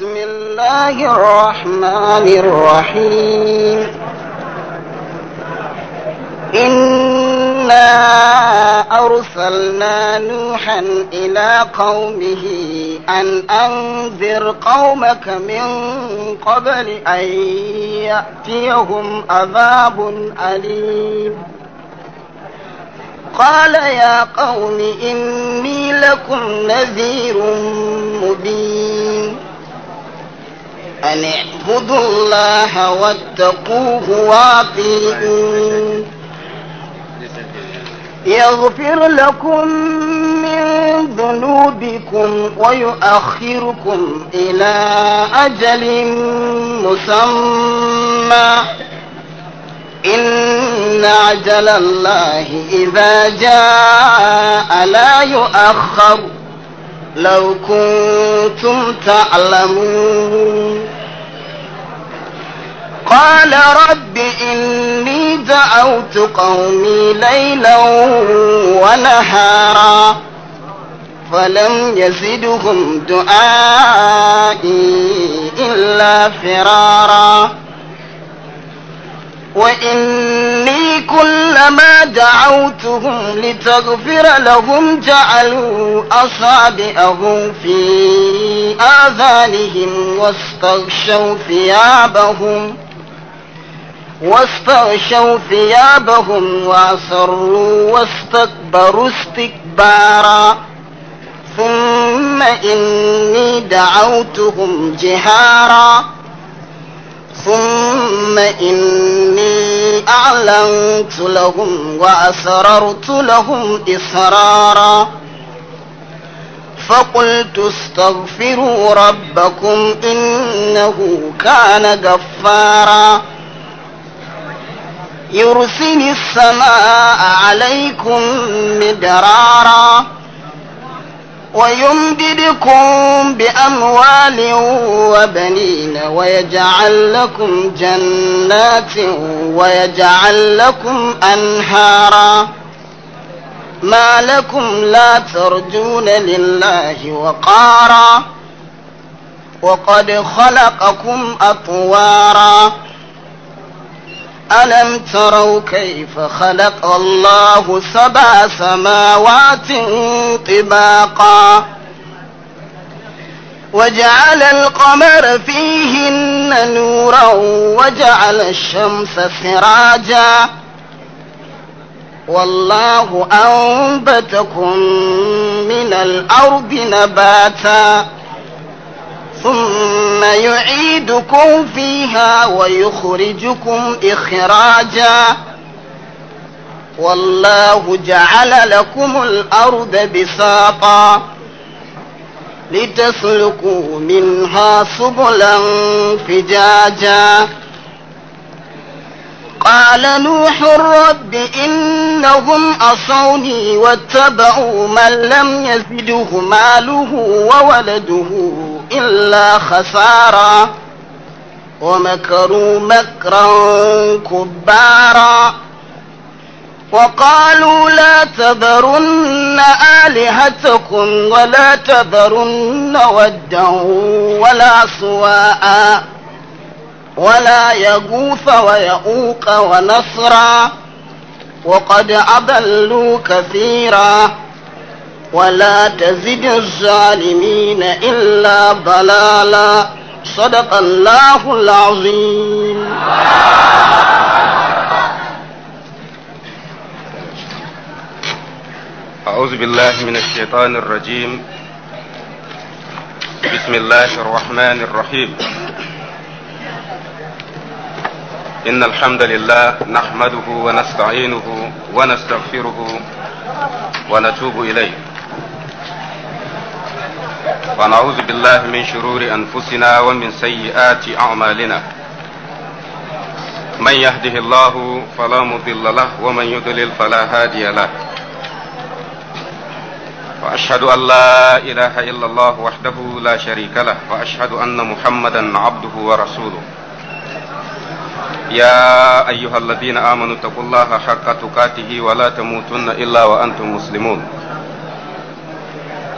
بسم الله الرحمن الرحيم إنا أرسلنا نوحا إلى قومه أن أنذر قومك من قبل أن يأتيهم عذاب أليم قال يا قوم إني لكم نذير مبين أن اعبدوا الله واتقوه واطيعون يغفر لكم من ذنوبكم ويؤخركم إلى أجل مسمى إن عجل الله إذا جاء لا يؤخر لو كنتم تعلمون قال رب إني دعوت قومي ليلا ونهارا فلم يزدهم دعائي إلا فرارا وإني كلما دعوتهم لتغفر لهم جعلوا أصابئهم في آذانهم واستغشوا ثيابهم واستغشوا ثيابهم وأصروا واستكبروا استكبارا ثم إني دعوتهم جهارا ثم إني أعلنت لهم وأسررت لهم إسرارا فقلت استغفروا ربكم إنه كان غفارا يرسل السماء عليكم مدرارا ويمددكم بأموال وبنين ويجعل لكم جنات ويجعل لكم أنهارا ما لكم لا ترجون لله وقارا وقد خلقكم أطوارا ألم تروا كيف خلق الله سبع سماوات طباقا وجعل القمر فيهن نورا وجعل الشمس سراجا والله أنبتكم من الأرض نباتا ثم ثم يعيدكم فيها ويخرجكم إخراجا والله جعل لكم الأرض بساطا لتسلكوا منها سبلا فجاجا قال نوح رب إنهم أصوني واتبعوا من لم يزده ماله وولده إلا خسارا ومكروا مكرا كبارا وقالوا لا تذرن آلهتكم ولا تذرن ودا ولا سواء ولا يغوث ويؤوق ونصرا وقد أضلوا كثيرا ولا تزد الظالمين إلا ضلالا صدق الله العظيم أعوذ بالله من الشيطان الرجيم بسم الله الرحمن الرحيم إن الحمد لله نحمده ونستعينه ونستغفره ونتوب إليه ونعوذ بالله من شرور أنفسنا ومن سيئات أعمالنا من يهده الله فلا مضل له ومن يضلل فلا هادي له وأشهد أن لا إله إلا الله وحده لا شريك له وأشهد أن محمدا عبده ورسوله يا أيها الذين آمنوا اتقوا الله حق تقاته ولا تموتن إلا وأنتم مسلمون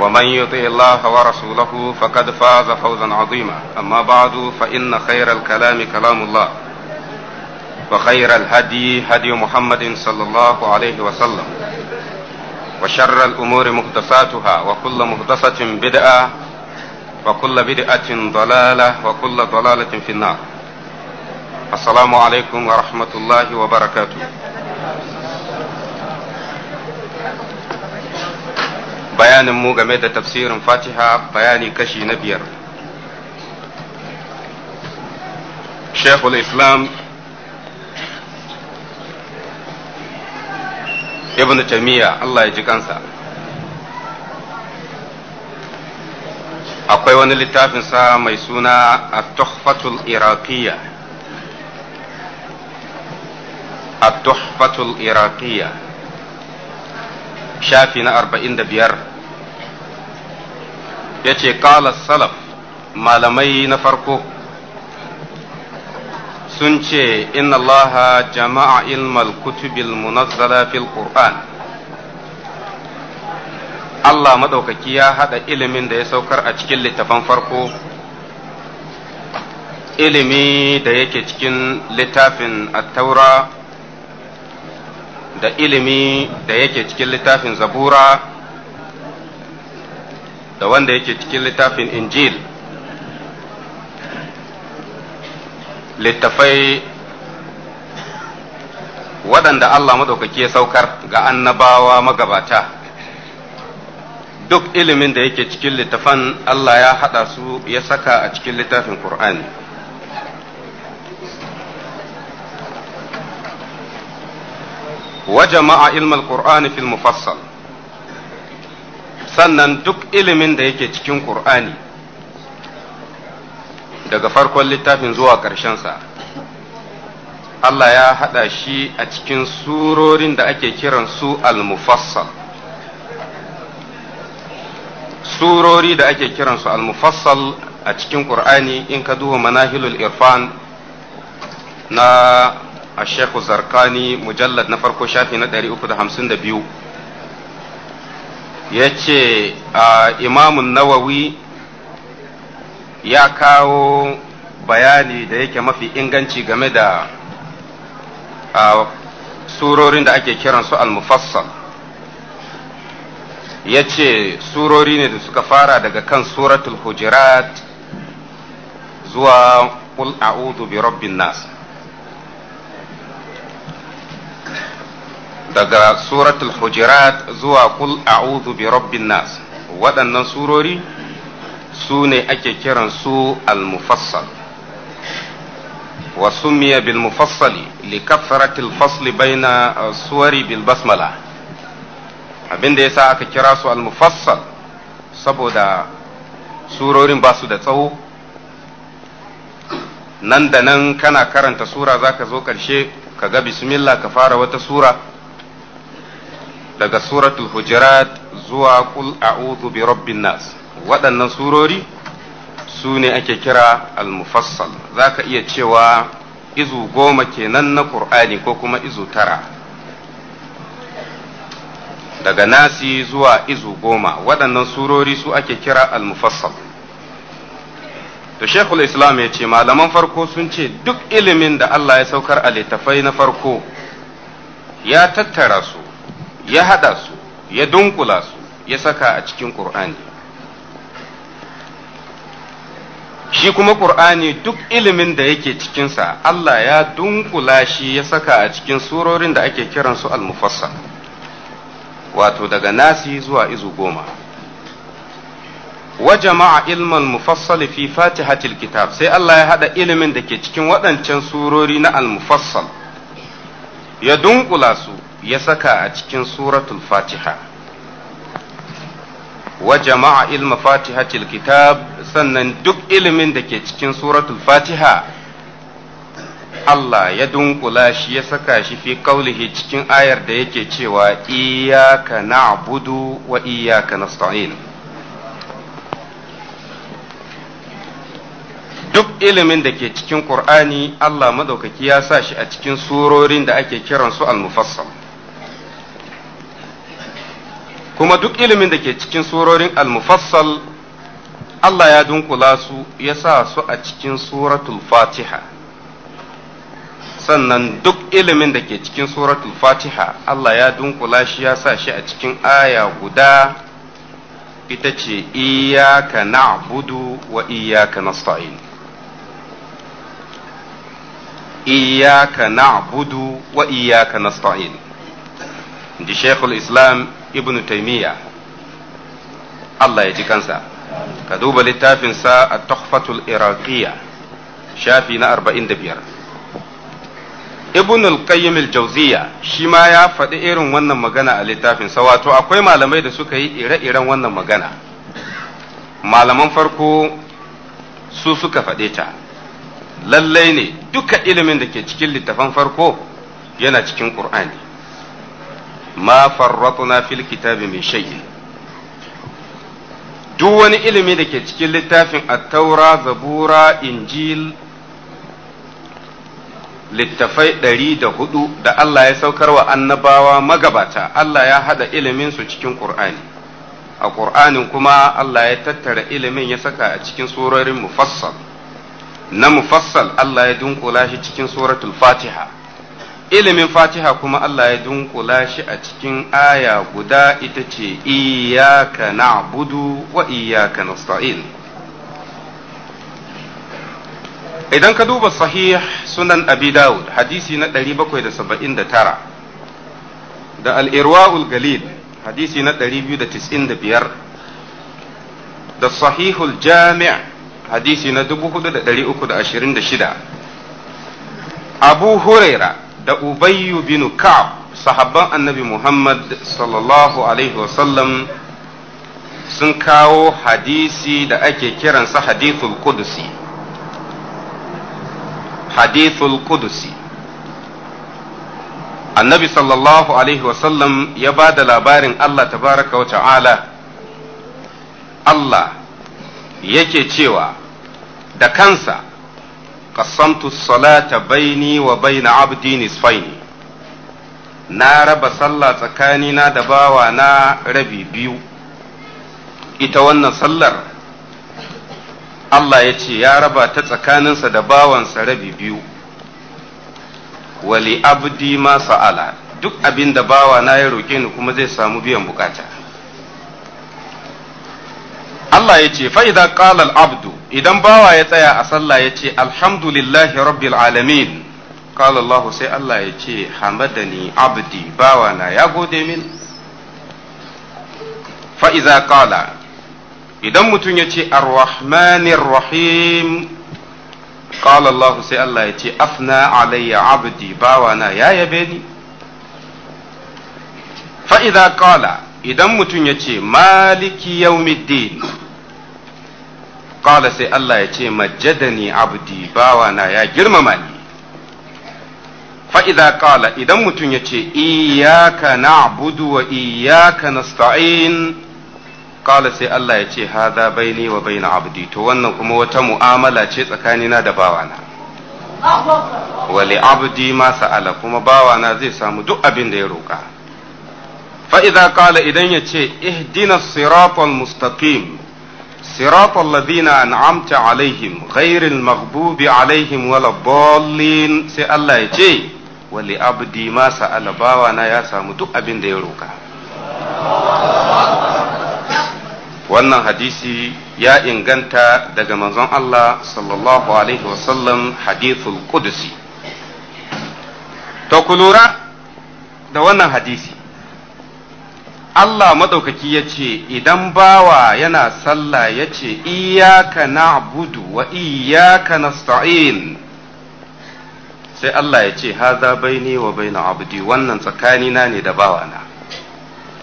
ومن يطع الله ورسوله فقد فاز فوزا عظيما أما بعد فإن خير الكلام كلام الله وخير الهدي هدي محمد صلى الله عليه وسلم وشر الأمور محدثاتها وكل محدثة بدعة وكل بدعة ضلالة وكل ضلالة في النار السلام عليكم ورحمة الله وبركاته bayanin mu game da tafsirin fatiha bayani kashi na biyar shekul islam ibn tamiya allah ya ji kansa akwai wani littafinsa mai suna a tuhfatul iraqiyya tuhfatul iraqiyya shafi na arba'in da biyar ya ce ƙala salaf malamai na farko sun ce inna Allah jama'a ilmal kutubil munazzala fil Qur'an Allah maɗaukaki ya haɗa ilimin da ya saukar a cikin littafan farko ilimi da yake cikin littafin attaura da ilimi da yake cikin littafin zabura da wanda yake cikin littafin injil littafai waɗanda Allah maɗaukaki ya saukar ga annabawa magabata duk ilimin da yake cikin littafan Allah ya haɗa su ya saka a cikin littafin Kur'ani. wa jama'a ilmal Qur'ani fil mufassal sannan duk ilimin da yake cikin ƙur'ani daga farkon littafin zuwa ƙarshensa Allah ya haɗa shi a cikin surorin da ake kiran su al-mufassal surori da ake kiran su al-mufassal a cikin ƙur'ani in ka duba manahilul irfan na a zarkani mujallad na farko shafi na 352 ya ce imamun nawawi ya kawo bayani da yake mafi inganci game da a surorin da ake kiransu al-mufassal ya ce surori ne da suka fara daga kan suratul hujirat zuwa قل bi rabbin nasa daga suratul hujurat zuwa kul a'udhu bi rabbin nas waɗannan surori su ne ake kiran su al-mufassal wa sumiya bil mufassali li fasli baina suwari bil basmala abinda yasa aka kira su al-mufassal saboda surorin ba su da tsawo nan da nan kana karanta sura zaka zo karshe ka ga bismillah ka fara wata sura daga suratul hujurat zuwa kul a'udhu bi rabbin nas waɗannan surori su ne ake kira al-mufassal zaka iya cewa izu goma kenan na qur'ani ko kuma izu tara daga nasi zuwa izu goma waɗannan surori su ake kira al-mufassal to shekul islam ya ce malaman farko sun ce duk ilimin da allah ya saukar a littafai na farko ya tattara su ya haɗa su ya dunkula su ya saka a cikin ƙur'ani shi kuma ƙur'ani duk ilimin da yake cikinsa Allah ya dunkula shi ya saka a cikin surorin da ake kiransu al-mufassal wato daga nasi zuwa izu goma wa jama'a ilmal mufassal fi fatihatil kitab sai Allah ya haɗa ilimin da ke cikin waɗancan surori na al ya dunkula su ya saka a cikin suratul fatiha wa jama'a ilma fatihatil kitab sannan duk ilimin da ke cikin suratul fatiha Allah ya dunkula shi ya saka shi fi kaulihi cikin ayar da yake cewa iyaka na'budu wa iyaka nasta'in duk ilimin da ke cikin Qur'ani Allah madaukaki ya sa shi a cikin surorin da ake kiransu al-mufassal kuma duk ilimin da ke cikin surorin al-mufassal Allah ya dunkula su ya sa su a cikin suratul fatiha sannan duk ilimin da ke cikin suratul fatiha Allah ya dunkula shi ya sa shi a cikin aya guda ita ce iyaka na'budu wa iyaka nasta'in iyaka na'budu wa iyaka nasta'in inji shekul islam ibn taimiyya Allah ya ji kansa ka duba littafinsa a tuhfatul iraqiyya shafi na 45 ibn al-qayyim al-jawziyya shi ma ya faɗi irin wannan magana a littafinsa wato akwai malamai da suka yi ire-iren wannan magana malaman farko su suka faɗe ta lallai ne duka ilimin da ke cikin littafan farko yana cikin ƙur'ani ma فرطنا في kitabi من شيء duk wani ilimi da ke cikin littafin attaura zabura injil littafai ɗari da hudu da Allah ya saukar wa annabawa magabata Allah ya haɗa iliminsu cikin ƙur'ani a ƙur'anin kuma Allah ya tattara ilimin ya saka a cikin surorin mufassal na mufassal Allah ya dunkula shi cikin suratul fatiha ilimin fatiha kuma Allah ya dunkula shi a cikin aya guda ita ce iyaka na'budu wa iyaka nasta'in idan ka duba sahih sunan abi dawud hadisi na 779 da al-irwaul galil hadisi na 295 da sahihul jami' hadisi na 4326 abu huraira da ubayyu bin ka'ab sahabban annabi muhammad sallallahu alaihi wasallam sun kawo hadisi da ake kiransa hadithul kudusi hadithul kudusi annabi sallallahu alaihi wasallam ya ba da labarin allah tabaraka wa ta'ala allah yake cewa da kansa qasamtu salata baini wa baina abdi nisfaini na raba sallah tsakanina da bawa na rabi biyu ita wannan sallar Allah ya ce ya raba ta tsakaninsa da bawansa rabi biyu wali abdi ma sa'ala duk abin da bawa na ya roƙe ni kuma zai samu biyan bukata Allah ya ce fa'iza ƙalal abdu idan bawa ya tsaya a sallah ya ce alhamdulillahi rabbil alamin Allah sai Allah ya ce hamadani abdi bawa na ya gode min fa'iza qala idan mutum ya ce arrahmanir rahim sai Allah ya ce afna alayya abdi fa'iza idan mutum ya ce maliki yaumiddin qala sai Allah ya ce majjadani abdi bawa na ya girmama ni fa'iza ƙala idan mutum ya ce iyaka abudu wa iyaka sta’in ƙala sai Allah ya ce haza baini wa baina abdi to wannan kuma wata mu'amala ce tsakanina da bawana wali abdi masa ala kuma bawana zai samu duk abin da ya roƙa fa'iza ƙala idan ya ce ihdina siratal mustaqim siratal ladina an'amta alaihim ghairil maghdubi alaihim wala dallin sai Allah ya ce wali abdi ma sa'ala bawana ya samu duk abin da ya roka wannan hadisi ya inganta daga manzon Allah sallallahu alaihi wasallam hadithul qudsi to ku lura da wannan hadisi Allah maɗaukaki ya ce, Idan bawa yana sallah ya ce, Iyaka na abudu wa iyaka nasta'in sai Allah ya ce, Haza baini wa baina abdi wannan tsakanina ne da bawana.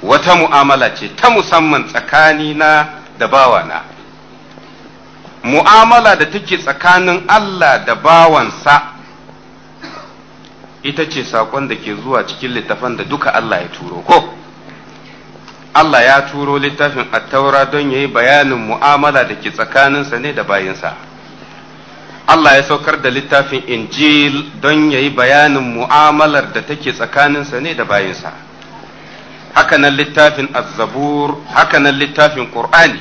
Wata mu'amala ce ta musamman tsakanina da bawana. Mu'amala da take tsakanin Allah da bawansa ita ce saƙon da ke zuwa cikin littafan da duka Allah ya turo ko. Allah ya turo littafin attaura don ya yi bayanin mu'amala da ke tsakaninsa ne da bayinsa. Allah ya saukar da littafin Injil don ya yi bayanin mu'amalar da take tsakaninsa ne da bayinsa. Hakanan littafin Azzabur, hakanan littafin Ƙur'ani,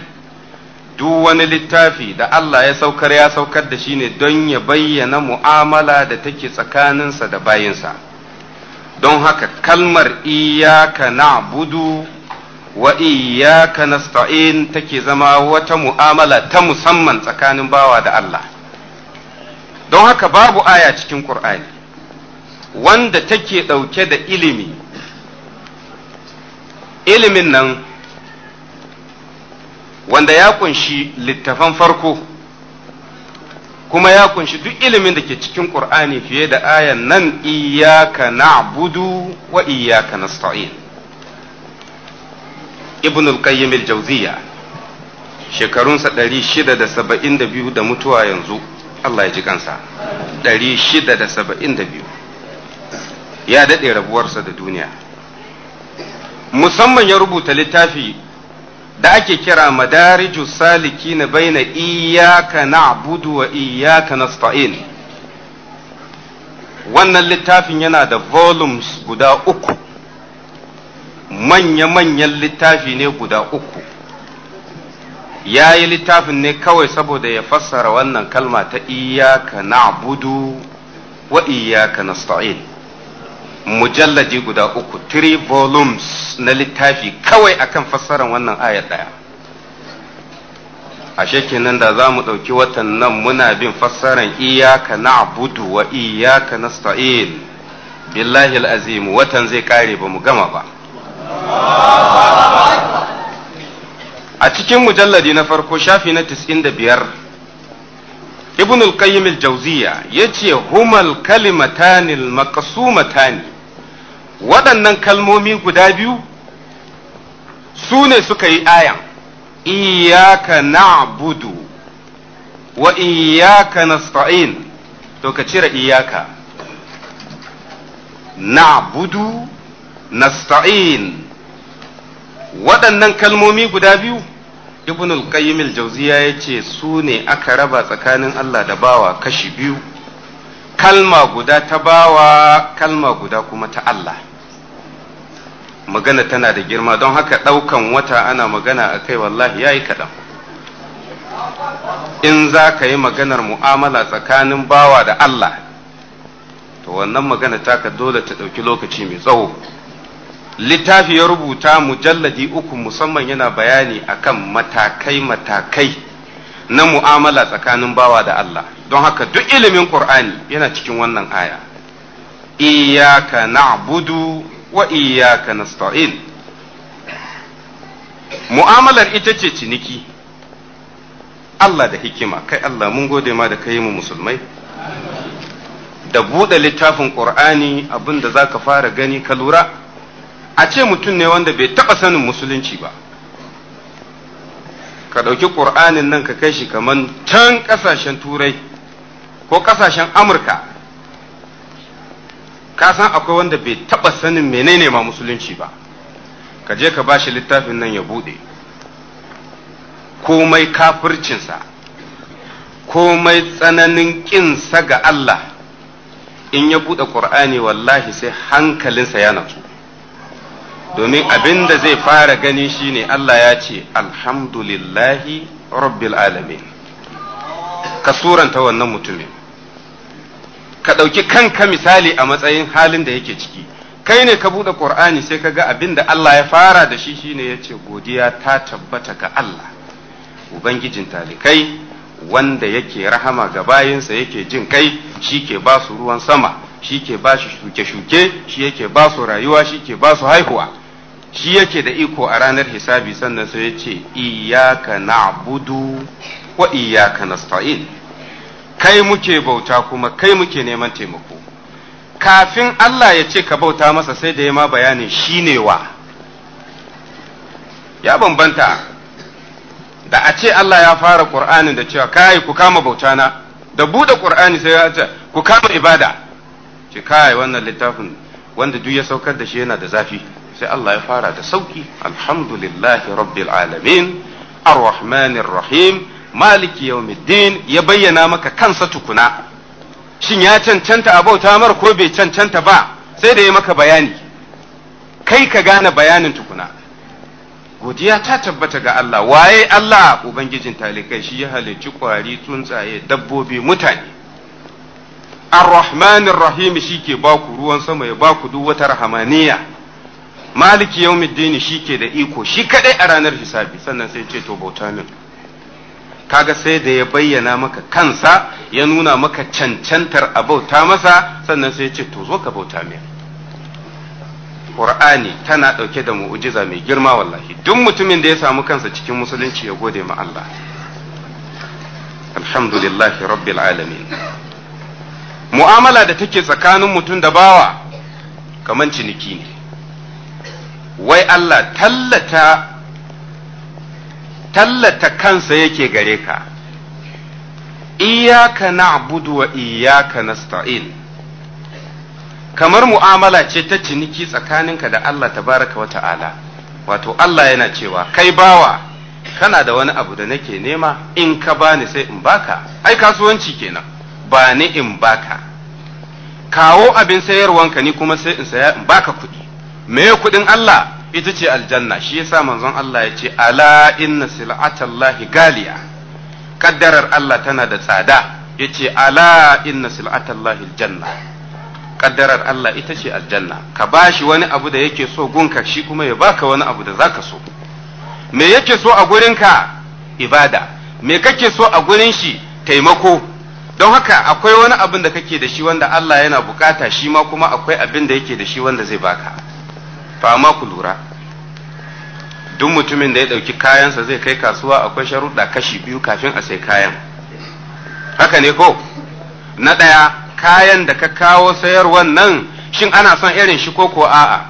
duk wani littafi da Allah ya saukar ya saukar da shi ne don ya bayyana mu'amala da take tsakaninsa da bayinsa. Don haka kalmar iyaka na budu wa iyyaka nasta'in take zama wata mu'amala ta musamman tsakanin bawa da Allah don haka babu aya cikin Qur'ani wanda take ɗauke da ilimi ilimin nan wanda ya kunshi littafan farko kuma ya kunshi duk ilimin da ke cikin Qur'ani fiye da ayan nan iyyaka na'budu wa iyyaka nasta'in ibn al-qayyim al-jawziya shekarunsa 672 da mutuwa yanzu Allah ya ji kansa 672 ya daɗe rabuwarsa da duniya musamman ya rubuta littafi da ake kira madariju saliki na baina iyaka na'budu wa iyaka nasta'in wannan littafin yana da volumes guda uku manya-manyan littafi ne guda uku ya yi littafin ne kawai saboda ya fassara wannan kalma ta iyaka na abudu wa iyaka na sta'il mujallaji guda uku three volumes na littafi kawai akan fassarar wannan aya daya ashe kenan da za mu ɗauki watan nan muna bin fassarar iyaka na abudu wa iyaka na sta'il billahi al'azimu watan zai kare ba mu gama ba a cikin mujalladi na farko shafi na 95 ibn al-qayyim al-jawziya yace humal kalimatan al-maqsumatan waɗannan kalmomi guda biyu su ne suka yi ayan iyaka na'budu wa iyaka nasta'in to ka cire iyaka na'budu nasta'in waɗannan kalmomi guda biyu ibn al-qayyim al-jawziya yace su ne aka raba tsakanin Allah da bawa kashi biyu kalma guda ta bawa kalma guda kuma ta Allah magana tana da girma don haka ɗaukan wata ana magana a kai wallahi yayi yi kaɗan in za ka yi maganar mu'amala tsakanin bawa da Allah to wannan magana taka dole ta ɗauki lokaci mai tsawo littafi ya rubuta mujalladi uku musamman yana bayani akan matakai-matakai na mu'amala tsakanin bawa da Allah don haka duk ilimin Qur'ani yana cikin wannan aya iyaka na'budu wa iyaka nasta'in mu'amalar ita ce ciniki Allah da hikima kai Allah mun gode ma da kai mu musulmai da buɗe littafin Qur'ani abinda za ka fara gani ka lura a ce mutum ne wanda bai taɓa sanin musulunci ba ka ɗauki ƙur'anin nan ka kai shi kamar can ƙasashen turai ko ƙasashen amurka ka san akwai wanda bai taɓa sanin menene ma musulunci ba ka je ka ba shi littafin nan ya buɗe komai kafircinsa komai tsananin ƙinsa ga Allah in ya buɗe ƙur'ani wallahi sai hankalinsa ya natsu domin abin da zai fara gani shine Allah ya ce alhamdulillahi rabbil alamin ka suranta wannan mutumin ka ɗauki kanka misali a matsayin halin da yake ciki kai ne ka buɗe ƙur'ani sai ka ga abin da Allah ya fara da shi shine ya ce godiya ta tabbata ga Allah ubangijin talikai wanda yake rahama ga bayinsa yake jin kai shi ke ba su ruwan sama shi ke ba su shuke-shuke shi yake ba su rayuwa shi ke ba su haihuwa shi yake da iko a ranar hisabi sannan sai ya ce iyaka na'budu wa iyaka nasta'in kai muke bauta kuma kai muke neman taimako kafin Allah ya ce ka bauta masa sai da ya ma bayanin shine wa ya bambanta da a ce Allah ya fara Qur'anin da cewa kai ku kama bauta na da bude Qur'ani sai ya ce ku kama ibada ce kai wannan littafin wanda duk ya saukar da shi yana da zafi sai Allah ya fara da sauki alhamdulillahi rabbil alamin arrahmanir rahim maliki yawmiddin ya bayyana maka kansa tukuna shin ya cancanta a bauta mar ko bai cancanta ba sai da ya maka bayani kai ka gane bayanin tukuna godiya ta tabbata ga Allah waye Allah ubangijin talikai shi ya halicci kwari tsuntsaye dabbobi mutane ar rahim shi ke baku ruwan sama ya baku duk wata rahmaniyya. maliki yau yawmiddin shi ke da iko shi kaɗai a ranar hisabi sannan sai ce to bauta min kaga sai da ya bayyana maka kansa ya nuna maka cancantar a bauta masa sannan sai ce to zo ka bauta min Qur'ani tana ɗauke da mu'ujiza mai girma wallahi duk mutumin da ya samu kansa cikin musulunci ya gode ma Allah alhamdulillahi rabbil alamin mu'amala da take tsakanin mutum da bawa kamar ciniki ne wai Allah tallata tallata kansa yake gare ka iyaka na'budu wa iyaka nasta'in kamar mu'amala ce ta ciniki tsakaninka da Allah tabaraka wa ta'ala wato Allah yana cewa kai bawa kana da wani abu da nake nema in ka bani sai in baka ai kasuwanci kenan bani in baka kawo abin sayarwanka ni kuma sai in saya in baka kuɗi me kuɗin Allah ita ce aljanna shi yasa manzon Allah ya ce ala inna sil'atallahi galiya kaddarar Allah tana da tsada ya ce ala inna sil'atallahi aljanna kaddarar Allah ita ce aljanna ka bashi wani abu da yake so gunka shi kuma ya baka wani abu da zaka so me yake so a gurin ka ibada me kake so a gurin shi taimako don haka akwai wani abin da kake da shi wanda Allah yana bukata shi ma kuma akwai abin da yake da shi wanda zai baka to amma ku lura duk mutumin da ya ɗauki kayansa zai kai kasuwa akwai sharuɗa kashi biyu kafin a sai kayan haka ne ko na ɗaya kayan da ka kawo sayarwan nan shin ana son irin shi ko ko a'a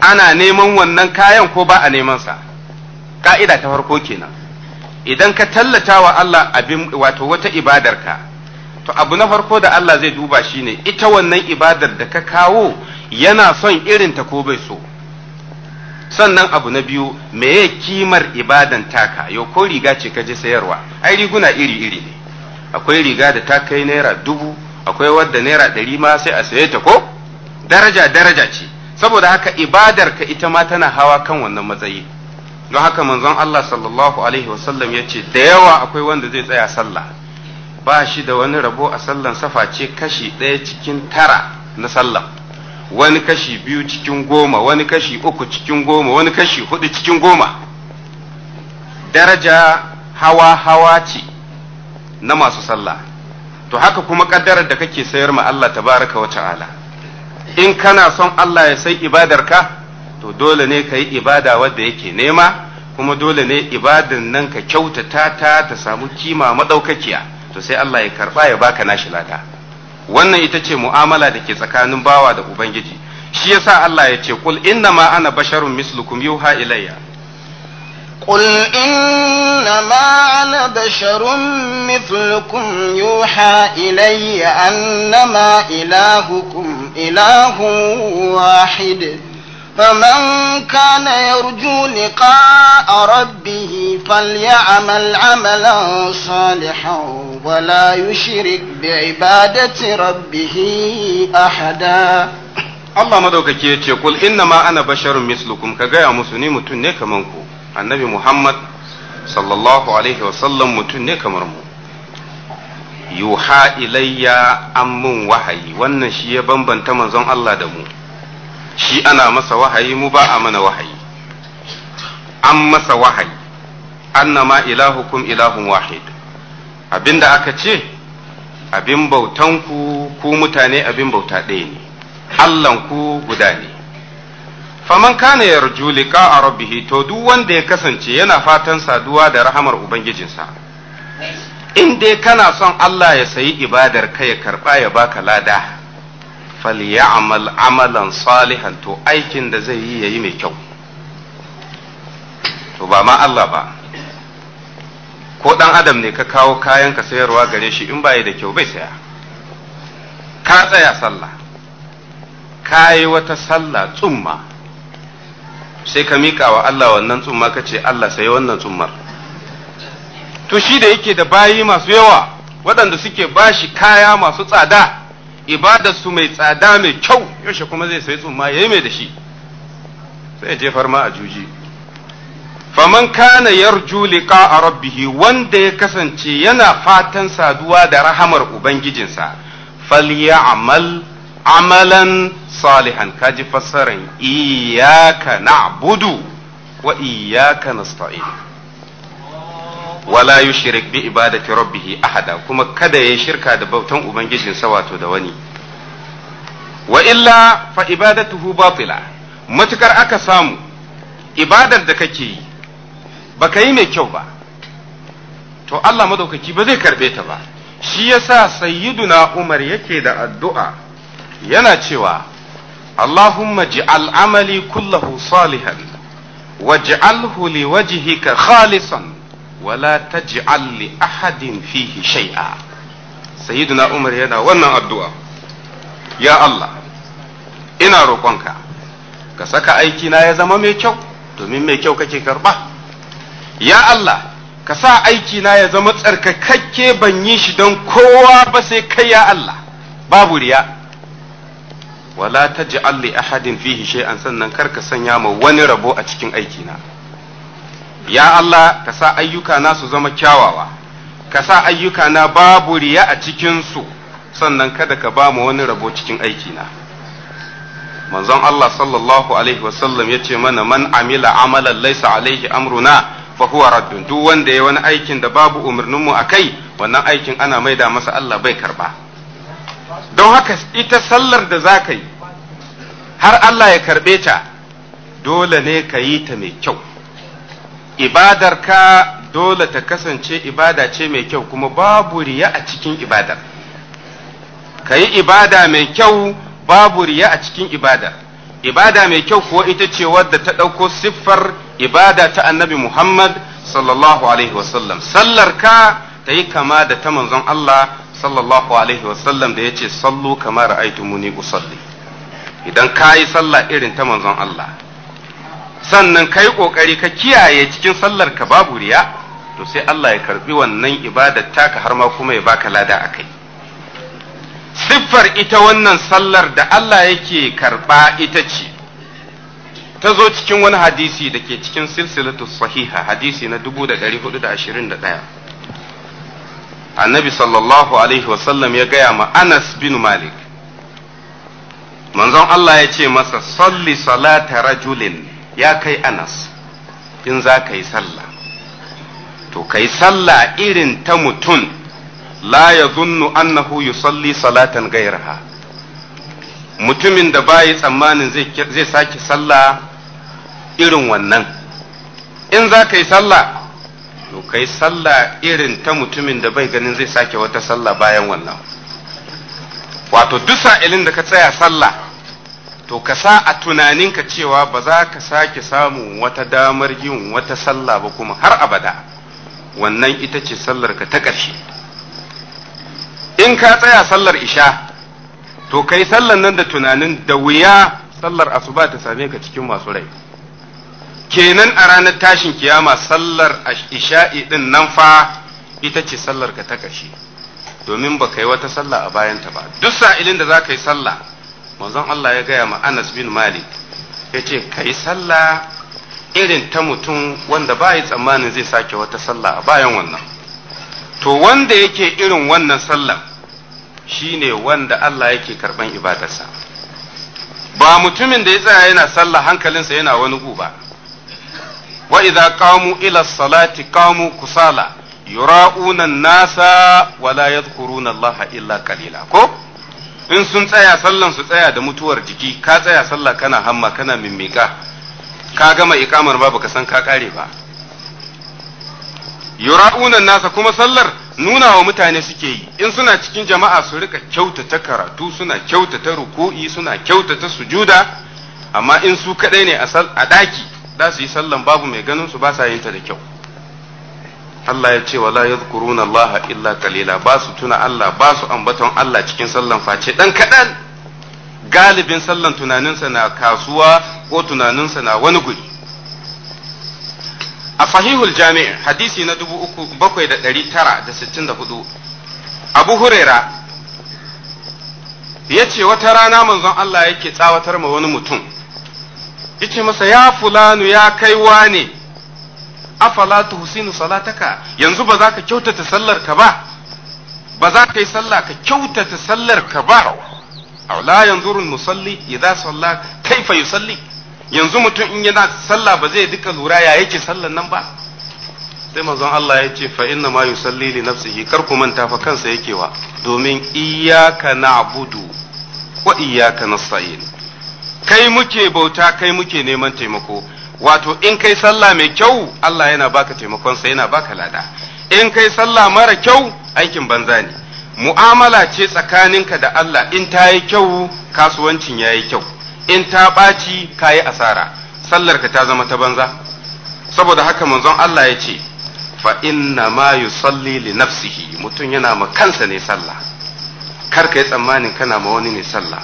ana neman wannan kayan ko ba a neman sa ka'ida ta farko kenan idan ka tallata wa Allah abin wato wata ibadarka to abu na farko da Allah zai duba shi ne ita wannan ibadar da ka kawo yana son irin ta ko bai so sannan abu na biyu me ya kimar ibadan taka yau ko riga ce ka je sayarwa ai riguna iri iri ne akwai riga da ta kai naira dubu akwai wadda naira ɗari ma sai a saye ta ko daraja daraja ce saboda haka ibadar ka ita ma tana hawa kan wannan matsayi don haka manzon Allah sallallahu alaihi wasallam ya ce da yawa akwai wanda zai tsaya sallah ba shi da wani rabo a sallan safa ce kashi ɗaya cikin tara na sallan wani kashi biyu cikin goma wani kashi uku cikin goma wani kashi hudu cikin goma daraja hawa hawa ce na masu sallah to haka kuma kaddarar da kake sayar ma Allah tabaraka wa ta'ala in kana son Allah ya sai ibadarka to dole ne ka yi ibada wadda yake nema kuma dole ne ibadan nan ka kyautata ta ta samu kima madaukakiya to sai Allah ya karba ya baka nashi lada wannan ita ce mu'amala da ke tsakanin bawa da ubangiji shi yasa Allah ya ce qul innama ana basharun mislukum yuha ilayya قل إنما أنا بشر مثلكم يوحى إلي أنما إلهكم إله واحد فمن كان يرجو لقاء ربه فليعمل عملا صالحا ولا يشرك بعبادة ربه أحدا Allah madaukaki ya ce kul inna ma ana basharun mislukum ka gaya musu ni mutum ne kaman ku annabi Muhammad sallallahu alaihi wasallam mutum ne kamar mu yuha ilayya an mun wahayi wannan shi ya bambanta manzon Allah da mu shi ana masa wahayi mu ba a mana wahayi an masa wahayi annama ilahukum ilahun wahid abinda aka ce abin bautan ku mutane abin bauta ɗaya ne Allahnku guda ne faman kana yarju liqa rabbih to duk wanda ya kasance yana fatan saduwa da rahamar ubangijinsa in dai kana son Allah ya sayi ibadar ka ya karba ya baka lada falyamal amalan salihan to aikin da zai yi yayi mai kyau to ba ma Allah ba ko ɗan adam ne ka kawo kayan ka sayarwa gare shi in baya da kyau bai saya ka tsaya sallah ka yi wata sallah tsumma sai ka miƙa wa Allah wannan tsumma ka ce Allah sayi wannan tsummar to shi da yake da bayi masu yawa waɗanda suke bashi kaya masu tsada ibadar su mai tsada mai kyau yaushe kuma zai sai tsumma yayi mai dashi. shi sai jefar ma a juji faman kana yarju liqa rabbihi wanda ya kasance yana fatan saduwa da rahamar ubangijinsa falyamal amalan salihan kaji fassaran iyyaka na'budu wa iyyaka nasta'in wala yushrik bi ibadati rabbih ahada kuma kada ya shirka da bautan sa wato da wani wa illa fa ibadatuhu batila matukar aka samu ibadar da kake yi baka yi mai kyau ba to Allah madaukaki ba zai karbe ta ba shi yasa na Umar yake da addu'a yana cewa Allahumma ji'al amali kullahu salihan waj'alhu liwajhika khalisan wala taj'al li ahadin fihi Sayidu na umar yana wannan addu'a ya Allah ina roƙonka ka saka aikina na ya zama mai kyau domin mai kyau kake karba ya Allah ka sa aiki ya zama tsarkakakke ban yi shi don kowa ba sai kai ya Allah babu riya wala alli alli ahadin fihi shay'an sannan karka sanya ma wani rabo a cikin aikina. ya Allah ka sa ayyukana su zama kyawawa ka sa ayyukana babu riya a cikinsu sannan kada ka ba mu wani rabo cikin aikina manzon Allah sallallahu alaihi wasallam ya ce mana man amila amalan laisa alaihi amruna fa huwa raddun duk wanda ya wani aikin da babu umarninmu a kai, wannan aikin ana maida masa Allah bai karba don haka ita sallar da za ka yi har Allah ya karbe ta dole ne ka yi ta mai kyau ibadarka dole ta kasance ibada ce mai kyau kuma babu riya a cikin ibadar ka yi ibada mai kyau babu riya a cikin ibada ibada mai kyau kuwa ita ce wadda ta ɗauko siffar ibada ta annabi muhammad sallallahu alaihi wasallam sallar ka ta yi kama da ta manzon allah sallallahu alaihi wasallam da ya ce sallu kamar aitumuni usalli idan ka yi sallah irin ta manzon allah sannan kai ƙoƙari ka kiyaye cikin sallar ka babu riya to sai Allah ya karbi wannan ibadar taka har ma kuma ya baka lada a kai. siffar ita wannan sallar da Allah yake karba ita ce ta zo cikin wani hadisi da ke cikin silsilatu sahiha hadisi na 1421 annabi sallallahu alaihi wasallam ya gaya ma anas bin malik manzon Allah ya ce masa salli salata rajulin ya kai anas in za ka yi sallah to ka sallah irin ta mutum la ya zunnu annahu yusalli salatan gairaha mutumin da bayi tsammanin zai sake sallah irin wannan in za ka yi sallah to ka sallah irin ta mutumin da bai ganin zai sake wata sallah bayan wannan wato duk ilin da ka tsaya sallah to ka sa a tunaninka cewa ba za ka sake samu wata damar yin wata sallah ba kuma har abada wannan ita ce sallarka ta ƙarshe in ka tsaya sallar isha to kai sallar nan da tunanin da wuya sallar asuba ta same ka cikin masu rai kenan a ranar tashin kiyama sallar isha'i din nan fa ita ce sallar ka ta ƙarshe domin ba kai wata sallah a bayanta ba duk sa'ilin da za ka yi sallah manzon Allah ya gaya ma Anas bin Malik yace kai sallah irin ta mutum wanda ba yi tsammanin zai sake wata sallah a bayan wannan to wanda yake irin wannan sallah shine wanda Allah yake karban ibadarsa ba mutumin da ya tsaya yana sallah hankalinsa yana wani guba wa idza qamu ila salati qamu kusala yura'una nasa wa yadhkuruna Allah illa qalila ko in sun tsaya sallan su tsaya da mutuwar jiki ka tsaya sallah kana hamma kana mimmika ka gama ikamar ba baka san ka kare ba yura'unan nasa kuma sallar nuna wa mutane suke yi in suna cikin jama'a su rika kyautata karatu suna kyautata ruku'i suna kyautata sujuda amma in su kadai ne a daki za su yi sallan babu mai ganin su ba sa yin ta da kyau Allah ya ce wa la yadhkuruna Allah illa qalila ba su tuna Allah ba su ambaton Allah cikin sallan face dan kadan galibin sallan tunaninsa na kasuwa ko tunaninsa na wani guri a fahihul jami' hadisi na 3764 Abu Huraira ya ce wata rana manzon Allah yake tsawatar ma wani mutum yace masa ya fulanu ya kai ne afala husinu salataka yanzu ba za ka kyautata sallar ka ba ba za ka yi sallah ka kyautata sallar ka ba aula la musalli idza salla kaifa yusalli yanzu mutum in yana sallah ba zai duka lura ya yake sallar nan ba sai manzon Allah ya ce fa inna ma yusalli li nafsihi kar ku manta fa kansa yake wa domin iyyaka na'budu wa iyyaka nasta'in kai muke bauta kai muke neman taimako wato in kai sallah mai kyau Allah yana baka taimakon sa, yana baka lada in kai sallah mara kyau aikin banza ne mu'amala ce tsakaninka da Allah in ta yi kyau kasuwancin ya yi kyau in ta ɓaci ka yi asara sallarka ta zama ta banza saboda haka manzon Allah ya ce fa inna ma yusalli li nafsihi mutum yana ma kansa ne sallah kar ka tsammanin kana ma wani ne sallah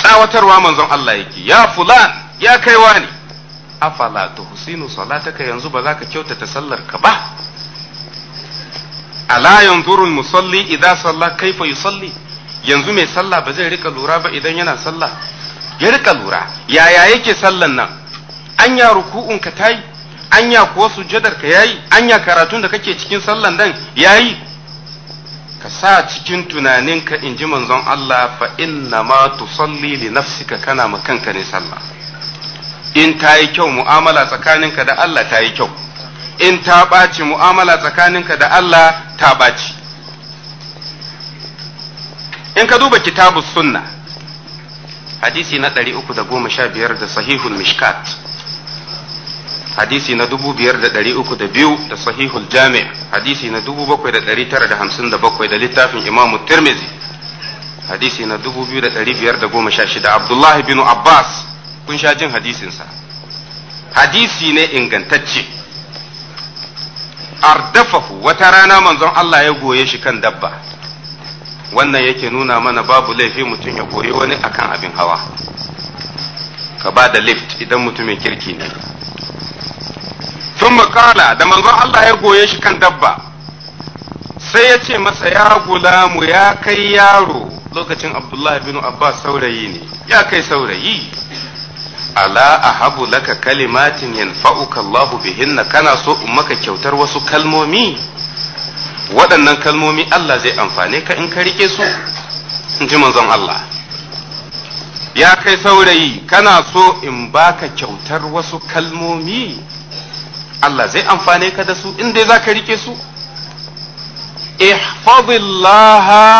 tsawatarwa manzon Allah yake ya fulan ya kai wani afala tuhsinu salataka yanzu ba za ka kyautata sallar ka ba ala yanzuru musalli idan salla kaifa yusalli yanzu mai sallah ba zai rika lura ba idan yana sallah ya rika lura yaya yake sallan nan anya ruku'un ka tayi anya kuwa sujjadar ka yayi anya karatun da kake cikin sallan nan yayi ka sa cikin tunaninka inji manzon Allah fa inna ma tusalli li nafsika kana makanka ne sallah in ta yi kyau mu'amala tsakaninka da Allah ta yi kyau in ta ɓaci mu'amala tsakaninka da Allah ta ɓaci in ka duba kitabu sunna hadisi na 315 da sahihul mishkat hadisi na biyar da sahihul jami' hadisi na 7957 da littafin imamu tirmizi hadisi na 2516 abdullahi bin abbas kun sha jin hadisinsa hadisi ne ingantacce ardafahu wata rana manzon Allah ya goye shi kan dabba wannan yake nuna mana babu laifi mutum ya goye wani akan abin hawa ka ba da lift idan mutumin kirki ne tun makala da manzon Allah ya goye shi kan dabba sai ya ce masa ya gulamu ya kai yaro lokacin abdullahi bin abbas saurayi ne ya kai saurayi ala ahabu laka kalimatin yanfa'uka Allahu bihinna kana so in maka kyautar wasu kalmomi waɗannan kalmomi Allah zai amfane ka in ka rike su in ji manzon Allah ya kai saurayi kana so in baka kyautar wasu kalmomi Allah zai amfane ka da su in dai zaka rike su ihfazillaha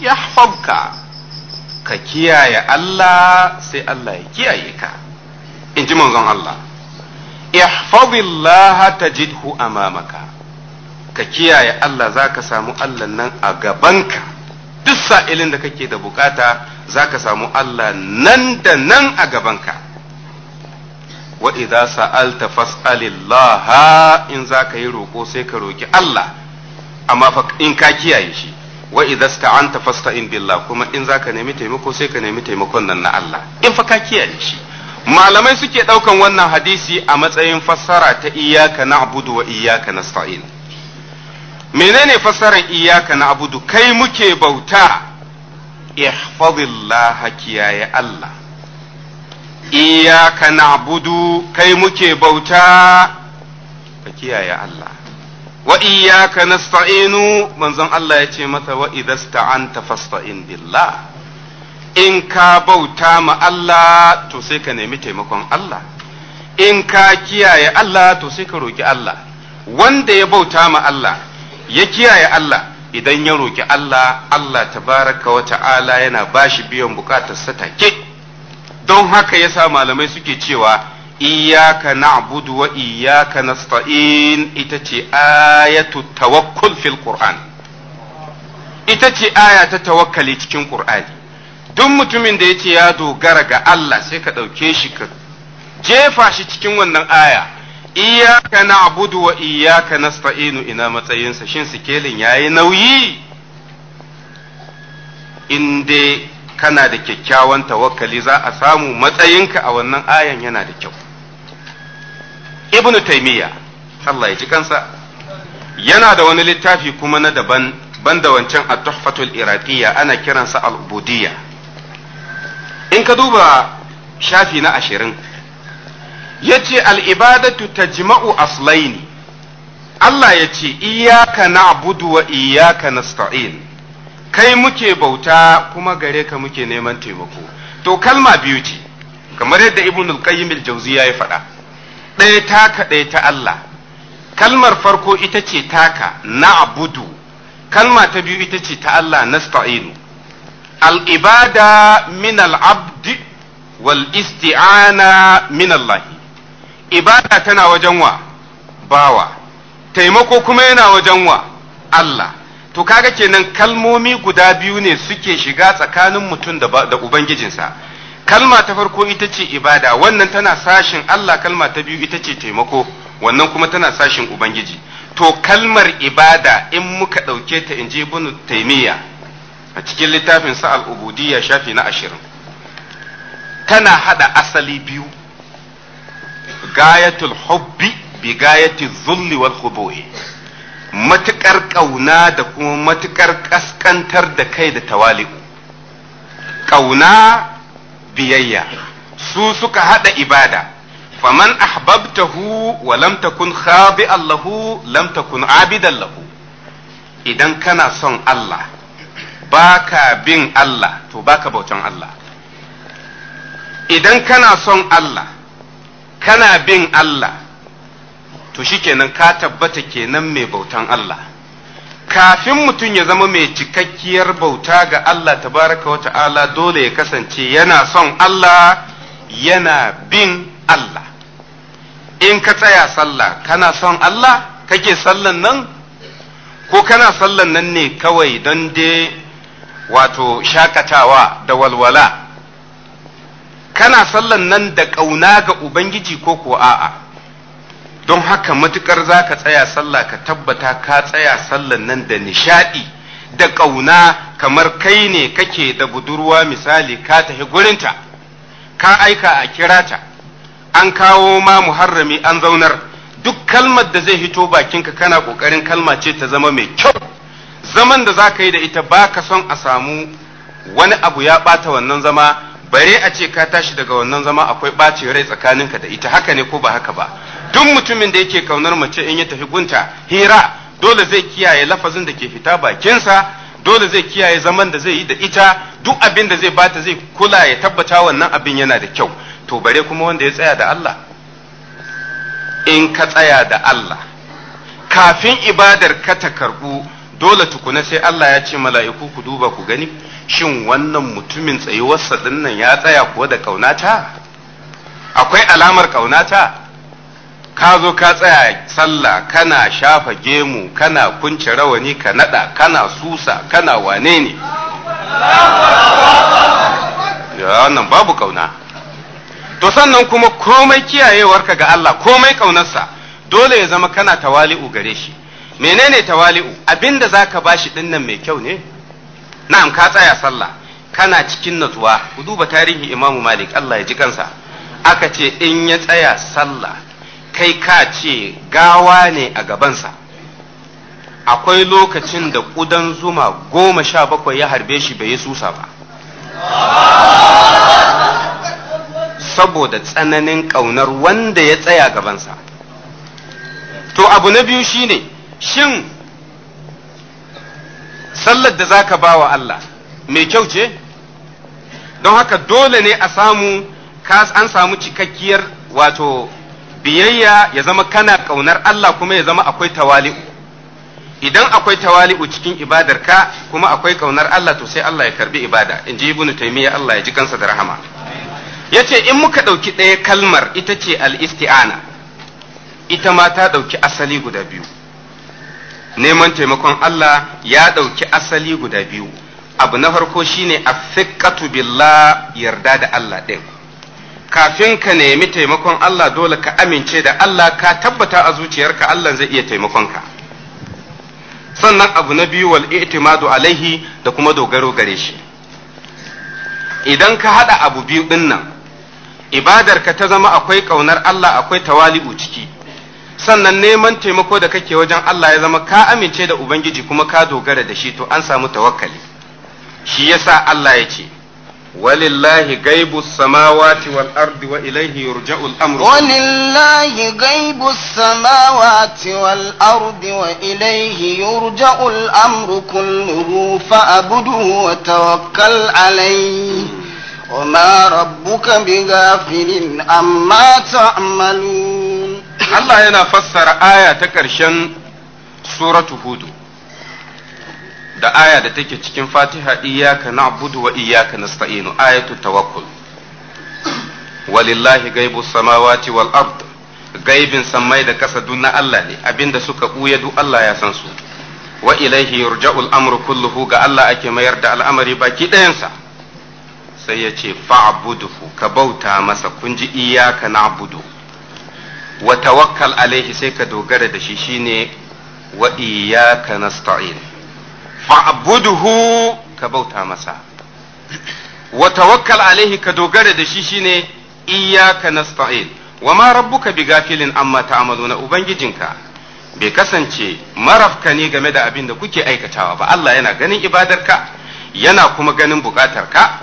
yahfazka ka kiyaye Allah sai Allah ya kiyaye ka in ji manzon Allah ihfazillah tajidhu amamaka ka kiyaye Allah zaka samu Allah nan a gabanka duk sa'ilin da kake da bukata zaka samu Allah nan da nan a gabanka wa idza sa'alta fas'alillah in zaka yi roko sai ka roki Allah amma in ka kiyaye shi wa idza sta'anta fasta'in billah kuma in zaka nemi taimako sai ka nemi taimakon nan na Allah in fa ka kiyaye shi malamai suke ɗaukan wannan hadisi a matsayin fassara ta iyaka na abudu wa iyaka na sta'in menene fassarar iyaka na abudu kai muke bauta ihfazillah kiyaye Allah iyaka na abudu kai muke bauta ka kiyaye Allah wa iyaka na nasta'inu manzon Allah ya ce mata wa idasta'anta fasta'in billah in ka bauta ma Allah to sai ka nemi taimakon Allah in ka kiyaye Allah to sai ka roki Allah wanda ya bauta ma Allah ya kiyaye Allah idan ya roki Allah Allah tabaraka wa ta'ala yana bashi biyan sa take don haka yasa malamai suke cewa iyyaka na'budu wa iyyaka nasta'in ita ce ayatu tawakkul fil qur'an ita ce aya ta tawakkali cikin qur'ani duk mutumin da ya ce ya dogara ga Allah sai ka ɗauke shi ka jefa shi cikin wannan aya iyaka na abudu wa iyaka nasta'inu ina matsayinsa shin sikelin yayi nauyi in dai kana da kyakkyawan tawakkali za a samu matsayinka a wannan ayan yana da kyau ibnu taimiyya Allah ya ji kansa yana da wani littafi kuma na daban banda wancan at-tuhfatul iraqiyya ana kiransa al-ubudiyya in ka duba shafi na ashirin ya ce al'ibadatu ta jima'u aslaini Allah ya ce iyaka na abudu wa iyaka nasta'in kai muke bauta kuma gare ka muke neman taimako to kalma biyu ce kamar yadda ibn al-qayyim al-jawziya ya faɗa ɗaya taka ɗaya ta Allah kalmar farko ita ce taka na abudu kalma ta biyu ita ce ta Allah nasta'inu al'ibada min al'abdi wal isti'ana min Allahi ibada tana wajen wa bawa taimako kuma yana wajen wa Allah to kaga kenan kalmomi guda biyu ne suke shiga tsakanin mutum da ubangijinsa kalma ta farko ita ce ibada wannan tana sashin Allah kalma ta biyu ita ce taimako wannan kuma tana sashin ubangiji to kalmar ibada in muka ɗauke ta in je bunu taimiyya a cikin littafin sa al'ubudiyya shafi na ashirin tana hada asali biyu gayatul hubbi bi gayatul zulli wal khudu'i matukar kauna da kuma matukar kaskantar da kai da tawali'u kauna biyayya su suka hada ibada faman ahbabtahu wa lam takun khabi allahu lam takun abidan lahu idan kana son Allah baka bin Allah to baka bautan Allah idan kana son Allah kana bin Allah to shikenan ka tabbata kenan mai bautan Allah kafin mutum ya zama mai cikakkiyar bauta ga Allah tabaraka wa ta'ala dole ya kasance yana son Allah yana bin Allah in ka tsaya sallah kana son Allah kake sallan nan ko kana sallan nan ne kawai don dai wato shakatawa da walwala kana sallan nan da ƙauna ga ubangiji ko ko a'a don haka matukar za ka tsaya sallah ka tabbata ka tsaya sallan nan da nishaɗi da ƙauna kamar kai ne kake da budurwa misali ka tafi gurinta ka aika a kirata an kawo ma muharrami an zaunar duk kalmar da zai hito bakinka kana ƙoƙarin kalma ce ta zama mai kyau zaman da za ka yi da ita ba ka son a samu wani abu ya ɓata wannan zama bare a ce ka tashi daga wannan zama akwai ɓace rai tsakaninka da ita haka ne ko ba haka ba duk mutumin da yake kaunar mace in ya tafi gunta hira dole zai kiyaye lafazin da ke fita bakinsa dole zai kiyaye zaman da zai yi da ita duk abin da zai bata zai kula ya tabbata wannan abin yana da kyau to bare kuma wanda ya tsaya da Allah in ka tsaya da Allah kafin ibadar ka ta karbu dole tukuna sai Allah ya ce mala'iku ku duba ku gani shin wannan mutumin tsayuwarsa dinnan ya tsaya kuwa da ƙaunata? akwai alamar ƙaunata? ka zo ka tsaya sallah kana shafa gemu kana kunce rawani ka nada kana susa kana wane ne wannan babu kauna to sannan kuma komai kiyayewarka ga Allah komai ƙaunarsa, dole ya zama kana tawali'u gare shi menene tawali'u abinda zaka bashi din nan mai kyau ne na'am ka tsaya sallah kana cikin natsuwa ku duba tarihi imamu malik Allah ya ji kansa aka ce in ya tsaya sallah kai ka ce gawa ne a gabansa akwai lokacin da ƙudan zuma goma sha bakwai ya harbe shi bai yi susa ba saboda tsananin ƙaunar wanda ya tsaya gabansa to abu na biyu shine shin sallar da za ka ba wa Allah mai kyau ce don haka dole ne a samu an samu cikakkiyar wato biyayya ya zama kana ƙaunar Allah kuma ya zama akwai tawali'u idan akwai tawali'u cikin ibadarka kuma akwai ƙaunar Allah to sai Allah ya karbi ibada in ji ibnu taymiya Allah ya ji kansa da rahama yace in muka ɗauki ɗaya kalmar ita ce al-isti'ana ita ma ta ɗauki asali guda biyu neman taimakon Allah ya ɗauki asali guda biyu abu na farko shine fiƙatu billah yarda da Allah ɗin kafin ka nemi taimakon Allah dole ka amince da Allah ka tabbata a zuciyarka Allah zai iya taimakon ka sannan abu na biyu wal i'timadu alaihi da kuma dogaro gare shi idan ka haɗa abu biyu ɗin nan ibadarka ta zama akwai ƙaunar Allah akwai tawali'u ciki sannan neman taimako da kake wajen Allah ya zama ka amince da Ubangiji kuma ka dogara da shi to an samu tawakkali shi yasa Allah ya ce walillahi gaibu samawati wal ardi wa ilaihi yurja'ul amru walillahi gaibu samawati wal ardi wa ilaihi yurja'ul amru kulluhu fa abuduhu wa tawakkal alayhi وما ربك بغافل amma تعملون Allah yana fassara aya ta ƙarshen suratu hudu da aya da take cikin fatiha iyaka na Abudu wa iyaka sta'inu ayatu tawakkul walillahi gaibu samawati wal ard gaibin sammai da kasa na Allah ne abinda suka buya duk Allah ya san su wa ilaihi yurja'ul amru kulluhu ga Allah ake mayar da al'amari baki ɗayansa sai ya ce fa'buduhu ka bauta masa kun ji iyaka na'budu wa tawakkal alaihi sai ka dogara da shi shine wa iyyaka nasta'in fa'budhu ka bauta masa wa tawakkal alaihi ka dogara da shi shine iyyaka nasta'in wa ma rabbuka bigafilin amma ta'maluna ubangijinka bai kasance marafka ne game da abin da kuke aikatawa ba Allah yana ganin ibadarka yana kuma ganin bukatarka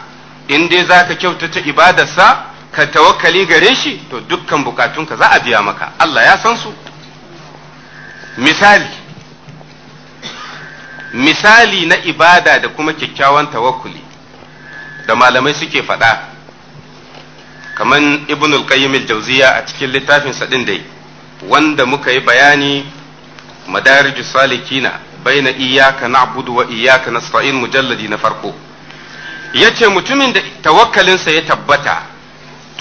in dai zaka kyautata ibadarsa ka tawakkali gare shi to dukkan bukatunka za a biya maka Allah ya san su misali misali na ibada da kuma kyakkyawan tawakkuli da malamai suke faɗa kamar ibn al-qayyim al-jawziya a cikin littafin sa din dai wanda muka yi bayani madarijus salikina baina iyyaka na'budu wa iyyaka nasta'in mujalladi na farko yace mutumin da tawakkalinsa ya tabbata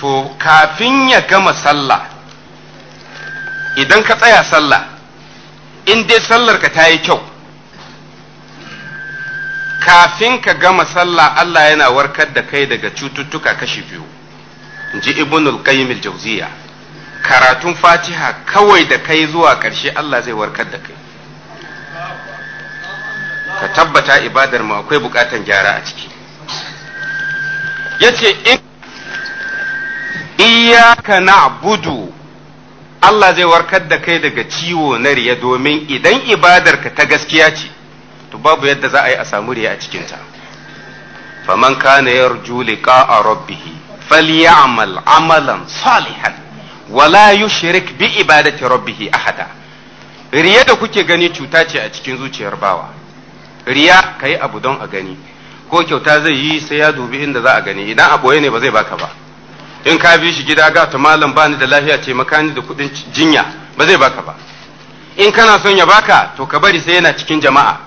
to kafin ya gama sallah idan ka tsaya sallah in dai sallarka ka ta yi kyau kafin ka gama sallah Allah yana warkar da kai daga cututtuka kashi biyu in ji ibnul qayyim al-jawziya karatun fatiha kawai da kai zuwa ƙarshe Allah zai warkar da kai ka tabbata ibadar mu akwai bukatan gyara a ciki yace in iyyaka na'budu Allah zai warkar da kai daga ciwo na riya domin idan ibadarka ta gaskiya ce to babu yadda za a yi a samu riya a cikinta faman kana yarju liqa'a rabbih falyamal amalan salihan wala yushrik bi ibadati rabbih ahada riya da kuke gani cuta ce a cikin zuciyar bawa riya kai abu don a gani ko kyauta zai yi sai ya dubi inda za a gani idan a boye ne ba zai baka ba in ka bi shi gida ga ta malam bani da lafiya ce makani da kuɗin jinya ba zai baka ba in kana son ya baka to ka bari sai yana cikin jama'a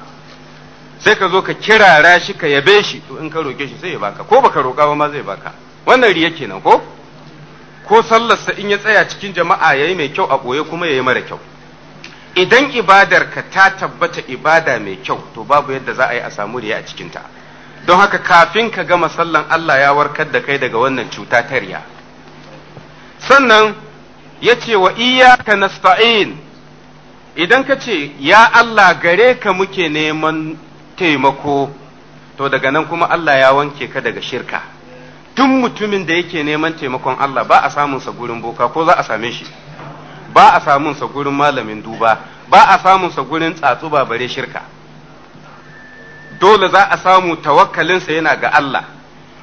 sai ka zo ka kirara shi ka yabe shi to in ka roke shi sai ya baka ko baka roka ba ma zai baka wannan riya kenan ko ko sallarsa in ya tsaya cikin jama'a yayi mai kyau a boye kuma yayi mara kyau idan ibadar ka ta tabbata ibada mai kyau to babu yadda za a yi a samu riya a cikinta don haka kafin ka gama sallan Allah ya warkar da kai daga wannan cuta ta riya sannan ya ce wa iyaka nasta'in idan ka ce ya Allah gare ka muke neman taimako to daga nan kuma Allah ya wanke ka daga shirka Tun mutumin da yake neman taimakon Allah ba a samunsa gurin boka ko za a same shi ba a samunsa gurin malamin duba ba a samunsa gurin tsatsu ba bare shirka dole za a samu tawakkalinsa yana ga Allah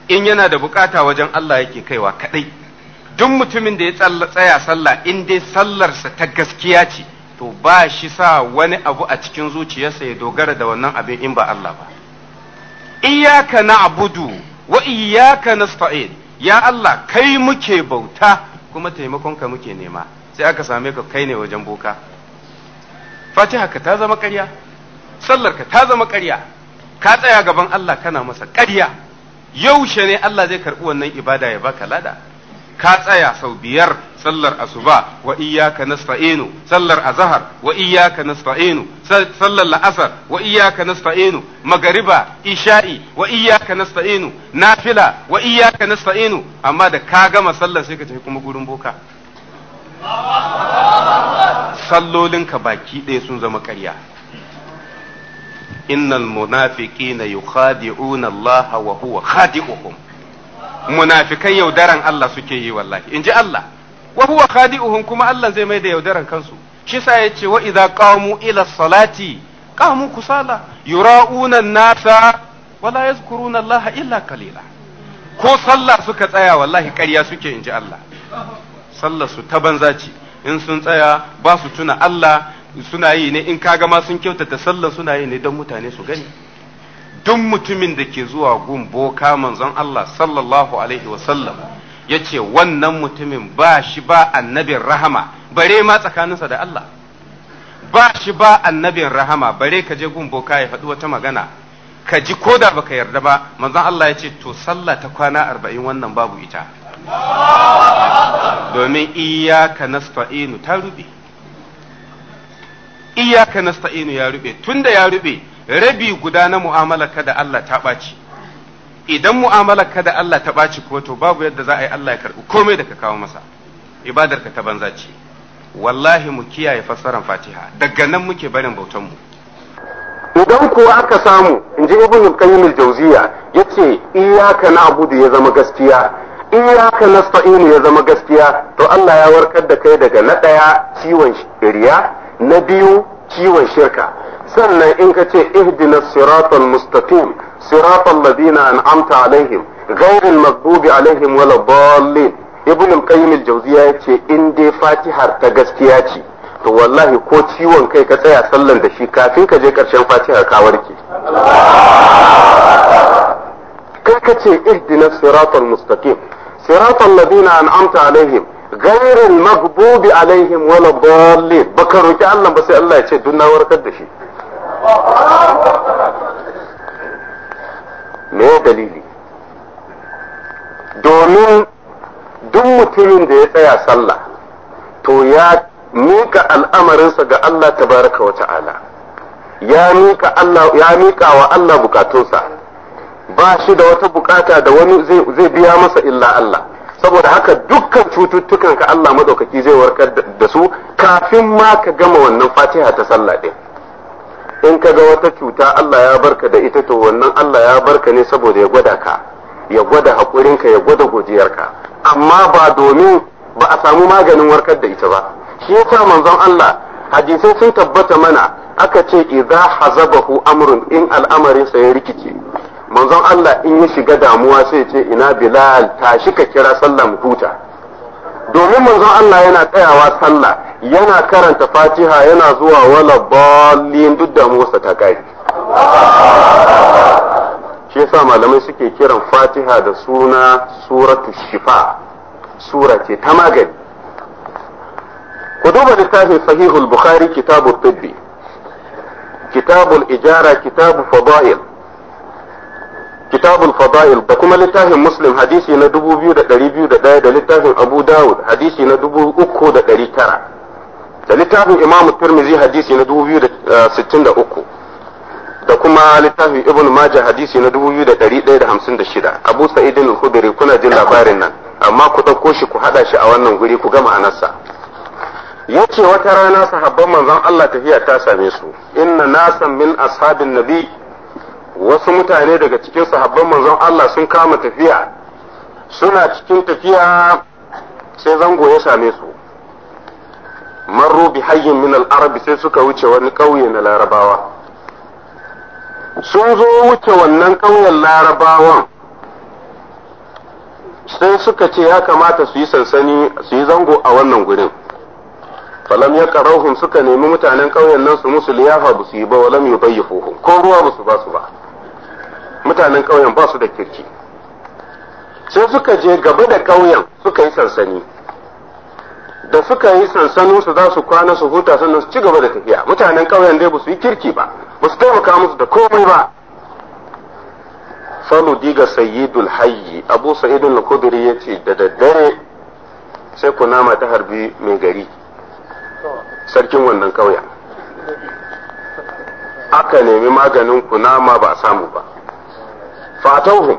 in yana da bukata wajen Allah yake kaiwa kadai duk mutumin da ya tsaya sallah in dai sallarsa ta gaskiya ce to ba shi sa wani abu a cikin zuciyarsa ya dogara da wannan abin in ba Allah ba iyyaka na'budu wa iyyaka nasta'in ya Allah kai muke bauta kuma taimakonka muke nema sai aka same ka kai ne wajen boka fatiha ka ta zama ƙarya sallar ka ta zama ƙarya ka tsaya gaban Allah kana masa ƙarya yaushe ne Allah zai karɓi wannan ibada ya baka lada ka tsaya sau biyar sallar asuba wa iyyaka nasta'inu sallar azhar wa iyyaka nasta'inu sallar la'asar wa iyyaka nasta'inu magariba isha'i wa iyyaka nasta'inu nafila wa iyyaka nasta'inu amma da ka gama sallar sai ka tafi kuma gurin boka sallolinka baki ɗaya sun zama ƙarya innal munafiqina yukhadi'una Allah wa huwa khadi'uhum munafikai yaudaran Allah suke yi wallahi inji Allah wa huwa khadi'uhum kuma Allah zai mai da yaudaran kansu Kisa sa yace wa idza qamu ila salati qamu kusala yura'una an-nasa illa ko sallah suka tsaya wallahi ƙarya suke inji Allah Sallah su ta banza ce in sun tsaya ba su tuna Allah suna yi ne in kaga ma sun kyautata sallar suna yi ne don mutane su gani duk mutumin da ke zuwa gun boka manzon Allah sallallahu alaihi wa ya ce wannan mutumin ba shi ba annabin rahama bare ma tsakaninsa da Allah ba shi ba annabin rahama bare ka je gun boka ya faɗi wata magana ka ji ko da baka yarda ba manzon Allah ya ce to sallah ta kwana arba'in wannan babu ita domin iyaka nasta'inu ta ruɓe. iyaka nasta'inu ya rube tunda ya rube rabi guda na mu'amalarka da Allah ta ɓaci idan mu'amalarka da Allah ta ɓaci ko to babu yadda za a yi Allah ya karɓi komai da ka kawo masa ibadarka ta banza ce wallahi mu kiyaye fassarar Fatiha daga nan muke barin bautan mu idan kuwa aka samu in ji ibn qayyim al-jawziya yace iyyaka na'budu ya zama gaskiya iyyaka nasta'inu ya zama gaskiya to Allah ya warkar da kai daga na daya ciwon riya na biyu kiwon shirka sannan in ka ce ihdina siratal mustaqim siratal ladina an'amta alaihim ghairil maghdubi alaihim wala dallin ibn al-qayyim al-jawziya yace in dai fatihar ta gaskiya ce to wallahi ko ciwon kai ka tsaya sallan da shi kafin ka je karshen fatihar ka warke kai ka ce ihdina siratal mustaqim siratal ladina an'amta alaihim gairin maghdubi alaihim wala dallin baka roki Allah ba sai Allah ya ce duk na warkar da shi me dalili domin duk mutumin da ya tsaya sallah to ya miƙa al'amarinsa ga Allah tabaraka wa ta'ala ya miƙa miƙa wa Allah bukatunsa ba shi da wata bukata da wani zai biya masa illa Allah saboda haka dukkan cututtukan ka Allah madaukaki zai warkar da su kafin ma ka gama wannan fatiha ta sallah din in ka ga wata cuta Allah ya barka da ita to wannan Allah ya barka ne saboda ya gwada ka ya gwada ka ya gwada ka amma ba domin ba a samu maganin warkar da ita ba shi yasa manzon Allah hadisai sun tabbata mana aka ce idza hazabahu amrun in al'amarin sa ya rikice manzon Allah in ya shiga damuwa sai ce ina Bilal tashi ka kira sallah mu huta domin manzon Allah yana tsayawa sallah yana karanta Fatiha yana zuwa wala ballin duk damuwarsa ta kai shi yasa malamai suke kiran Fatiha da suna suratu shifa sura ce ta magani ku duba littafin sahihul bukhari kitabul tibbi kitabul ijara kitabu fadail kitabul fada'il da kuma littafin muslim hadisi na 2201 da littafin abu dawud hadisi na 3900 da littafin imam turmizi hadisi na 2063 eh, da kuma littafin ibn maja hadisi na 2156 abu sa'idin al-khudri kuna jin labarin nan amma ku ɗauko shi ku haɗa shi a wannan guri ku gama anarsa yace wata rana sahabban manzon Allah tafiya ta same su inna nasan min ashabin nabi wasu mutane daga cikin sahabban manzon Allah sun kama tafiya suna cikin tafiya sai zango ya same su marro bi hayyin min al-arabi sai suka wuce wani ƙauye na larabawa sun zo wuce wannan ƙauyen larabawan sai suka ce ya kamata su yi sansani su yi zango a wannan gurin falam ya karauhun suka nemi mutanen ƙauyen nan su musu liyafa ba su yi ba walam ya ko ruwa ba su ba su ba mutanen ƙauyen ba su da kirki sai suka je gaba da ƙauyen suka yi sansani da suka yi sansanin su za su kwana su huta sannan su ci gaba da tafiya mutanen ƙauyen dai ba su yi kirki ba ba su taimaka musu da komai ba falu diga sayyidul hayyi abu sa'idul kudri ya ce da daddare sai kunama ta harbi mai gari sarkin wannan ƙauyen aka nemi maganin kunama ba a samu ba fatauhum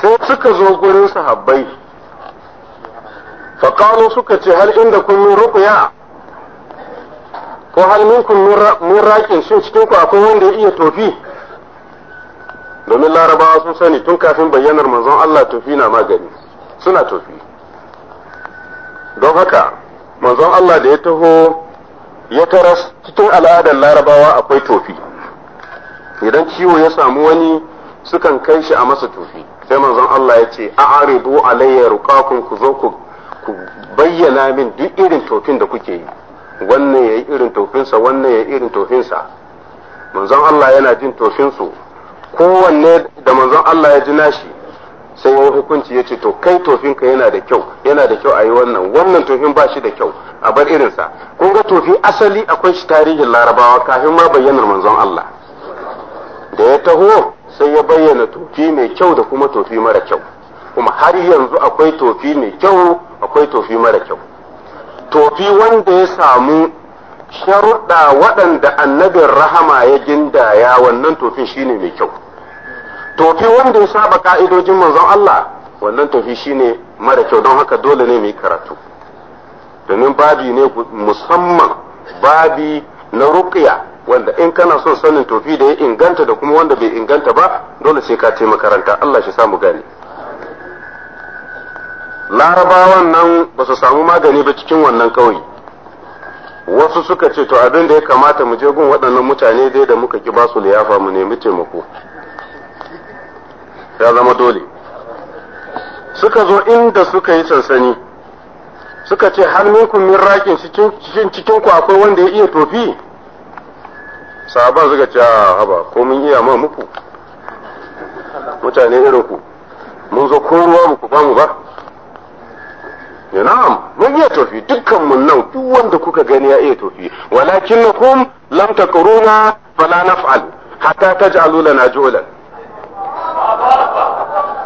sai suka zo gurin sahabbai faƙalu suka ce hal inda kun yi rukuya ko hal minkum min raƙin shi cikin ku akwai wanda ya iya tofi domin larabawa sun sani tun kafin bayyanar manzon Allah tofi na magani suna tofi don haka manzon Allah da ya taho ya taras cikin al'adar larabawa akwai tofi idan ciwo ya samu wani sukan kai shi a masa tufi sai manzon Allah ya ce a'ridu alayya ruqakum ku zo ku bayyana min duk irin tofin da kuke yi wannan yayi irin tofinsa wannan yayi irin tofinsa manzon Allah yana jin tofinsu kowanne da manzon Allah ya ji nashi sai ya hukunci ya ce to kai tofinka yana da kyau yana da kyau a yi wannan wannan tofin ba shi da kyau a bar irinsa kun ga tofi asali akwai shi tarihin larabawa kafin ma bayyana manzon Allah da ya taho sai ya bayyana tofi mai kyau da kuma tofi mara kyau kuma har yanzu akwai tofi mai kyau akwai tofi mara kyau tofi wanda ya samu sharuɗa waɗanda annabin rahama ya gindaya wannan tofin shine mai kyau tofi wanda ya saba ka'idojin manzon Allah wannan tofi shine mara kyau don haka dole ne mai karatu domin babi ne musamman babi na ruqya wanda in kana son sanin tofi da ya inganta da kuma wanda bai inganta ba dole sai ka ce makaranta Allah shi samu gane larabawan nan ba su samu magani ba cikin wannan ƙauye wasu suka ce to abin da ya kamata mu je gun waɗannan mutane dai da muka ki basu liyafa mu nemi taimako ya zama dole suka zo inda suka yi sansani suka ce har kun min rakin cikin cikin ku akwai wanda ya iya tofi sahaban suka ce a ah, haba ko mun iya ma muku mutane irin ku mun zo ko ruwa muku ba mu ba ya na'am mun iya tofi dukkan mun nan duk wanda kuka gani ya iya tofi walakin na kum lam taqruna fala naf'al hatta taj'alu na ju'lan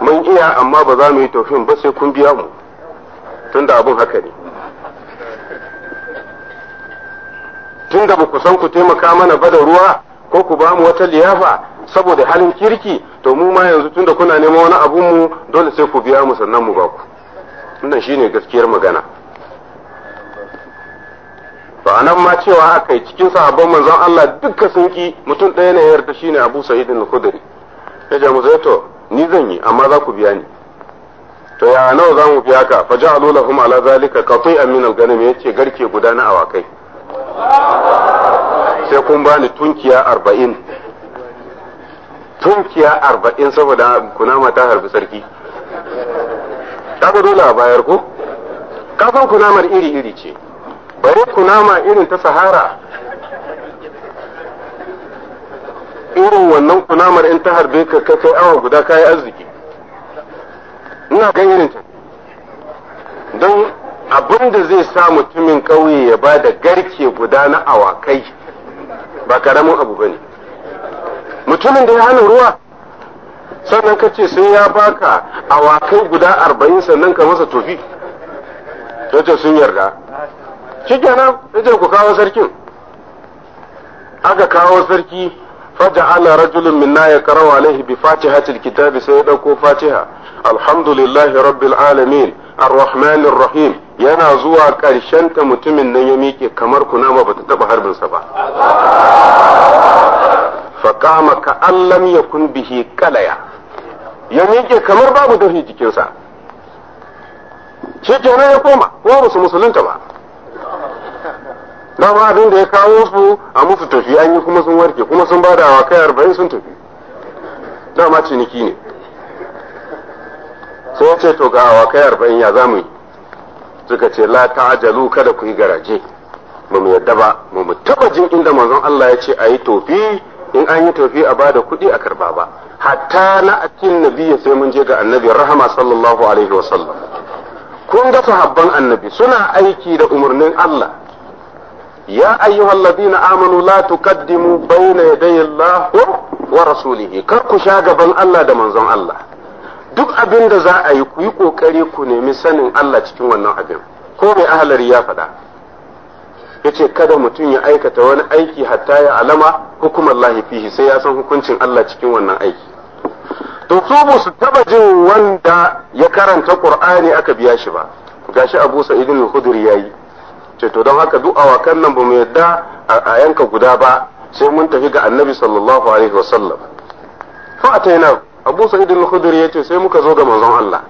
mun iya amma ba za mu yi tofin ba sai kun biya mu tunda abin haka ne tun da ku san ku taimaka mana ba da ruwa ko ku ba mu wata liyafa saboda halin kirki to mu ma yanzu tun da kuna neman wani abun mu dole sai ku biya mu sannan mu ba ku wannan shine gaskiyar magana ba nan ma cewa akai cikin sahabban manzon Allah dukka sun ki mutum ɗaya ne yarda shine Abu Sa'id al-Khudri ya ja mu eh to ni zan yi amma za ku biya ni to ya nawa za mu biya ka fa ja'alu lahum ala zalika qati'an min al-ghanam yace garke guda na awakai sai kun bani tunkiya arba'in tunkiya arba'in saboda kunama ta harbi sarki kaga dole a bayar ko kunamar iri-iri ce Bari kunama irin ta sahara irin wannan kunamar in ta harbe ka kai awa guda kayi arziki ina ga irin ta don abin da zai sa mutumin ƙauye ya ba da garke guda na awakai ba karamin abu ba ne mutumin da ya hana ruwa sannan ka ce sai ya baka awakai guda arba'in sannan ka masa tofi yace sun yarda shi kenan yace ku kawo sarkin aka kawo sarki فجعل minna ya يقرأ عليه fatiha الكتاب سيدك فاتحة الحمد لله fatiha alhamdulillahi الرحمن الرحيم yana zuwa ƙarshen ta mutumin nan ya miƙe kamar kunama ba ta taɓa harbinsa ba faƙama ka allam ya kun bihi kalaya ya miƙe kamar babu dafi jikinsa shi kenan ya koma kuma ba su musulunta ba dama abin da ya kawo su a musu tafi an yi kuma sun warke kuma sun bada wa kai arba'in sun tafi dama ciniki ne sai ya ce to ga kai arba'in ya zamu yi suka ce la ta'jalu kada ku yi garaje ba mu yadda ba mu taba jin inda manzon Allah ya ce a tofi in an yi tofi a bada kuɗi a karba ba hatta na atin nabi sai mun je ga annabi rahama sallallahu alaihi wa sallam kun ga sahabban annabi suna aiki da umarnin Allah ya ayyuhal ladina amanu la tuqaddimu bayna yaday Allah wa rasulihi kar ku sha gaban Allah da manzon Allah duk abin da za a yi ku yi ƙoƙari ku nemi sanin Allah cikin wannan abin ko mai ahalari ya faɗa yace kada mutum ya aikata wani aiki hatta ya alama hukumar Allah fihi sai ya san hukuncin Allah cikin wannan aiki to su ba su taba jin wanda ya karanta Qur'ani aka biya shi ba gashi Abu Sa'id al-Khudri yayi ce to don haka duk awakan nan ba mu yadda a yanka guda ba sai mun tafi ga Annabi sallallahu alaihi wasallam fa ataina abu sa'id al-khudri yace sai muka zo ga manzon Allah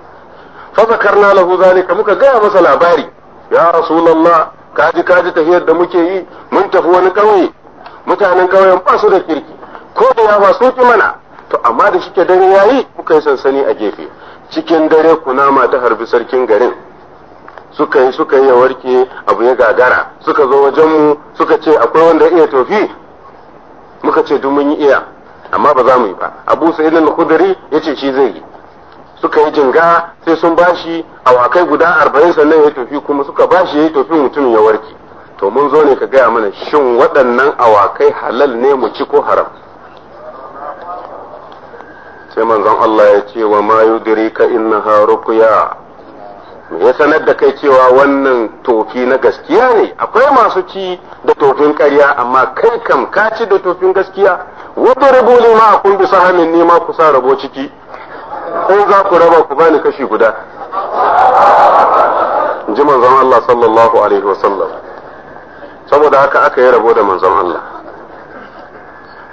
fa zakarna lahu zalika muka gaya masa labari ya rasulullah kaji kaji tafiyar da muke yi mun tafi wani kauye mutanen kauyen ba su da kirki ko da ya su ki mana to amma da shike dare yayi muka yi sansani a gefe cikin dare kunama ta harbi sarkin garin suka yi suka yi warke abu ya gagara suka zo wajenmu suka ce akwai wanda iya tofi muka ce duk mun yi iya amma ba za mu yi ba abu sa'id al ya ce shi zai yi suka yi jinga sai sun bashi awakai guda arba'in sannan ya tofi kuma suka bashi ya yi tofi mutum ya warke to mun zo ne ka gaya mana shin waɗannan awakai halal ne mu ci ko haram sai manzon Allah ya ce wa ma yudrika innaha ruqya ya sanar da kai cewa wannan tofi na gaskiya ne akwai masu ci da tofin karya, amma kai kam ka ci da tofin gaskiya wata rabo ne ma a bi sahamin ne ma kusa rabo ciki ko za ku raba ku bani kashi guda ji manzon Allah sallallahu alaihi wasallam saboda haka aka yi rabo da manzon Allah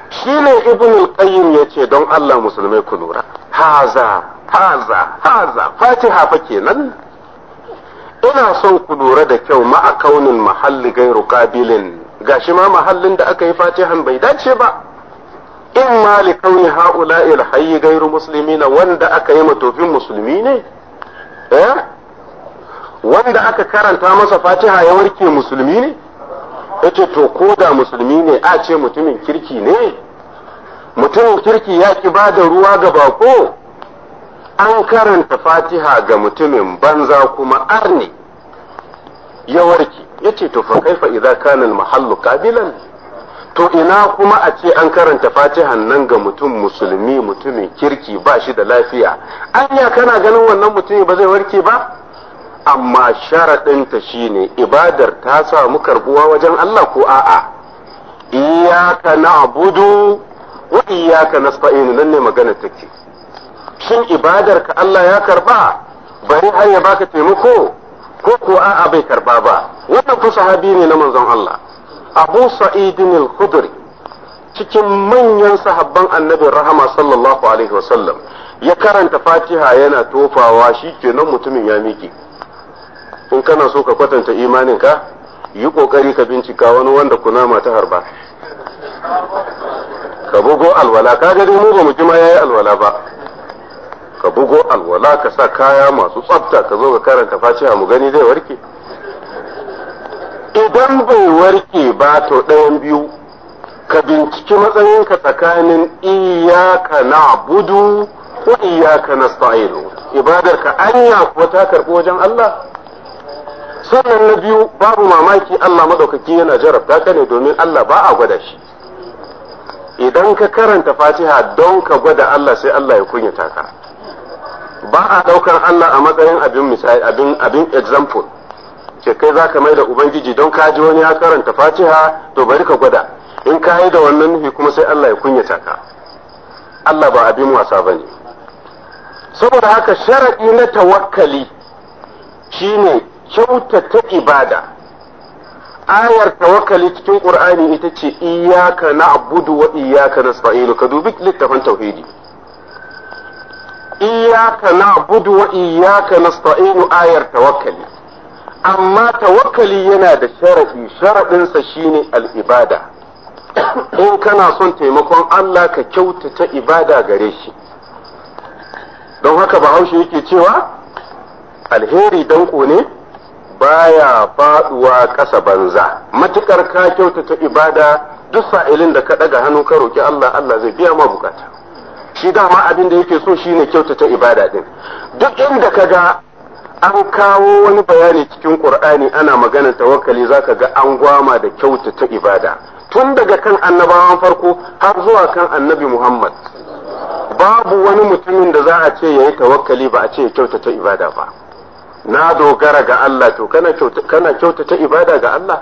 shi ne ibnul ya ce don Allah musulmai ku lura haza haza haza fatiha fa kenan ina son ku lura da kyau ma'a kaunin mahalli gairu qabilin gashi ma mahallin da aka yi fatihan bai dace ba in ma li kauni haula il hayy gairu muslimina wanda aka yi matofin musulmi ne eh wanda aka karanta masa fatiha ya warke musulmi ne yace to ko da musulmi ne a ce mutumin kirki ne mutumin kirki ya ki ba ruwa ga bako an karanta fatiha ga mutumin banza kuma arni ya warke ya ce to fa kaifa idza kana al-mahallu qabilan to ina kuma a ce an karanta fatihan nan ga mutum musulmi mutumin kirki ba shi da lafiya anya kana ganin wannan mutumin ba zai warke ba amma sharaɗinta shine ibadar ta samu karbuwa wajen Allah ko a'a iyaka na abudu wa iyaka nasta'in nan ne magana take shin ibadar ka Allah ya karba bari har ya baka taimako ko ko a'a bai karba ba wannan fa sahabi ne na manzon Allah Abu Sa'id al-Khudri cikin manyan sahabban annabi rahama sallallahu alaihi wasallam ya karanta fatiha yana tofawa shi kenan mutumin ya miƙe in kana so ka kwatanta imanin ka yi ƙoƙari ka bincika wani wanda kunama ta harba ka bugo alwala ka ga dai mu ba mu ji ma yayi alwala ba ka bugo alwala ka sa kaya masu tsafta ka zo ka karanta fatiha mu gani zai warke idan bai warke ba to ɗayan biyu ka binciki matsayinka tsakanin iyaka na budu wa iyaka na ibadar ibadarka anya ko ta karɓi wajen Allah sannan na biyu babu mamaki Allah maɗaukaki yana jarabta ka ne domin Allah ba a gwada shi idan ka karanta fatiha don ka gwada Allah sai Allah ya kunyata ka ba a ɗaukar Allah a matsayin abin misali abin abin example ce kai za ka mai da ubangiji don ka ji wani ya karanta fatiha to bari ka gwada in ka yi da wannan nufi kuma sai Allah ya kunyata ka Allah ba abin wasa ba ne saboda haka sharaɗi na tawakkali shine kyautata ibada ayar tawakkali cikin qur'ani ita ce iyyaka na'budu wa iyyaka nasta'inu ka dubi littafin tauhidi iyaka na budu wa iyaka na sta'inu ayar tawakkali amma tawakkali yana da sharaɗi sharaɗinsa shine al'ibada in kana son taimakon Allah ka kyautata ibada gare shi don haka bahaushe yake cewa alheri danko ne baya faɗuwa ƙasa banza Matuƙar ka kyautata ibada duk sa'ilin da ka ɗaga hannu ka roki Allah Allah zai biya ma bukata shi dama abin da yake so shine kyautata ibada din duk inda ka ga an kawo wani bayani cikin qur'ani ana maganar tawakkali zaka ga an gwama da kyautata ibada tun daga kan annabawan farko har zuwa kan annabi muhammad babu wani mutumin da za a ce yayi tawakkali ba a ce ya kyautata ibada ba na dogara ga Allah to kana kyautata ibada ga Allah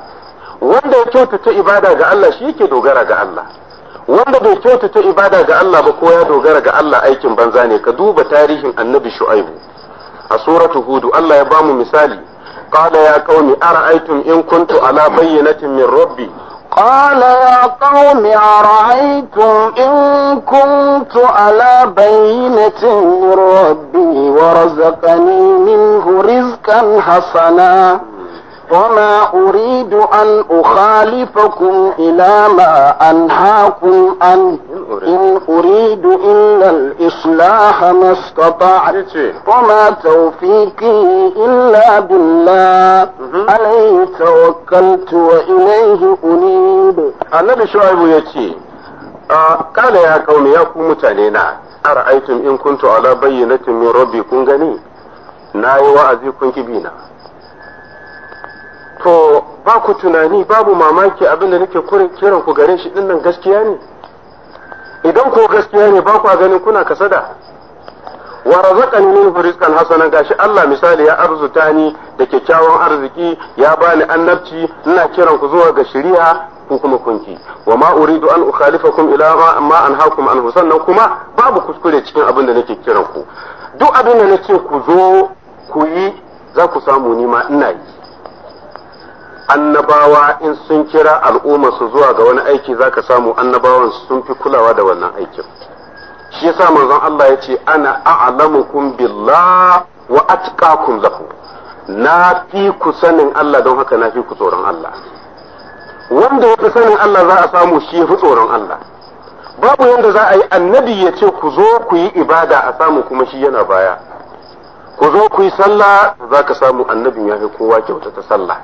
wanda ya kyautata ibada ga Allah shi yake dogara ga Allah wanda bai kyautata ibada ga Allah ba ko ya dogara ga Allah aikin banza ne ka duba tarihin annabi shu'aibu a suratu hudu Allah ya bamu misali qala ya qaumi ara'aytum in kuntu ala bayyinatin min rabbi قال يا قوم أرأيتم إن ala على بينة من ربي ورزقني منه رزقا حسنا وما أريد أن أخالفكم إلى ما أنهاكم عنه إن أريد إلا الإصلاح ما استطعت وما توفيقي إلا بالله عليه توكلت وإليه أنيب النبي شعيب يتي قال يا قوم يا قوم متانينا أرأيتم إن كنت على بينة من ربي كنغني gani na yi to ba ku tunani babu mamaki abin da nake kiran ku gare shi dinnan gaskiya ne idan ko gaskiya ne ba ku ganin kuna kasada wa razaqani min rizqan hasana gashi Allah misali ya arzuta ni da kyakkyawan arziki ya bani annabci ina kiran ku zuwa ga shari'a ku kuma kunki wa ma uridu an ukhalifakum ila ma anhaakum an sannan kuma babu kuskure cikin abin da nake kiran ku duk abin da nake ku zo ku yi za ku samu ni ma ina yi annabawa in sun kira al'umma su zuwa ga wani aiki zaka samu annabawan sun fi kulawa da wannan aikin shi yasa manzon Allah ya ce ana a'lamukum billah wa atqakum lahu na fi ku sanin Allah don haka na fi ku tsoron Allah wanda ya sanin Allah za a samu shi fi tsoron Allah babu yadda za a yi annabi ya ce ku zo ku yi ibada a samu kuma shi yana baya ku zo ku yi sallah za ka samu annabin ya fi kowa kyauta ta sallah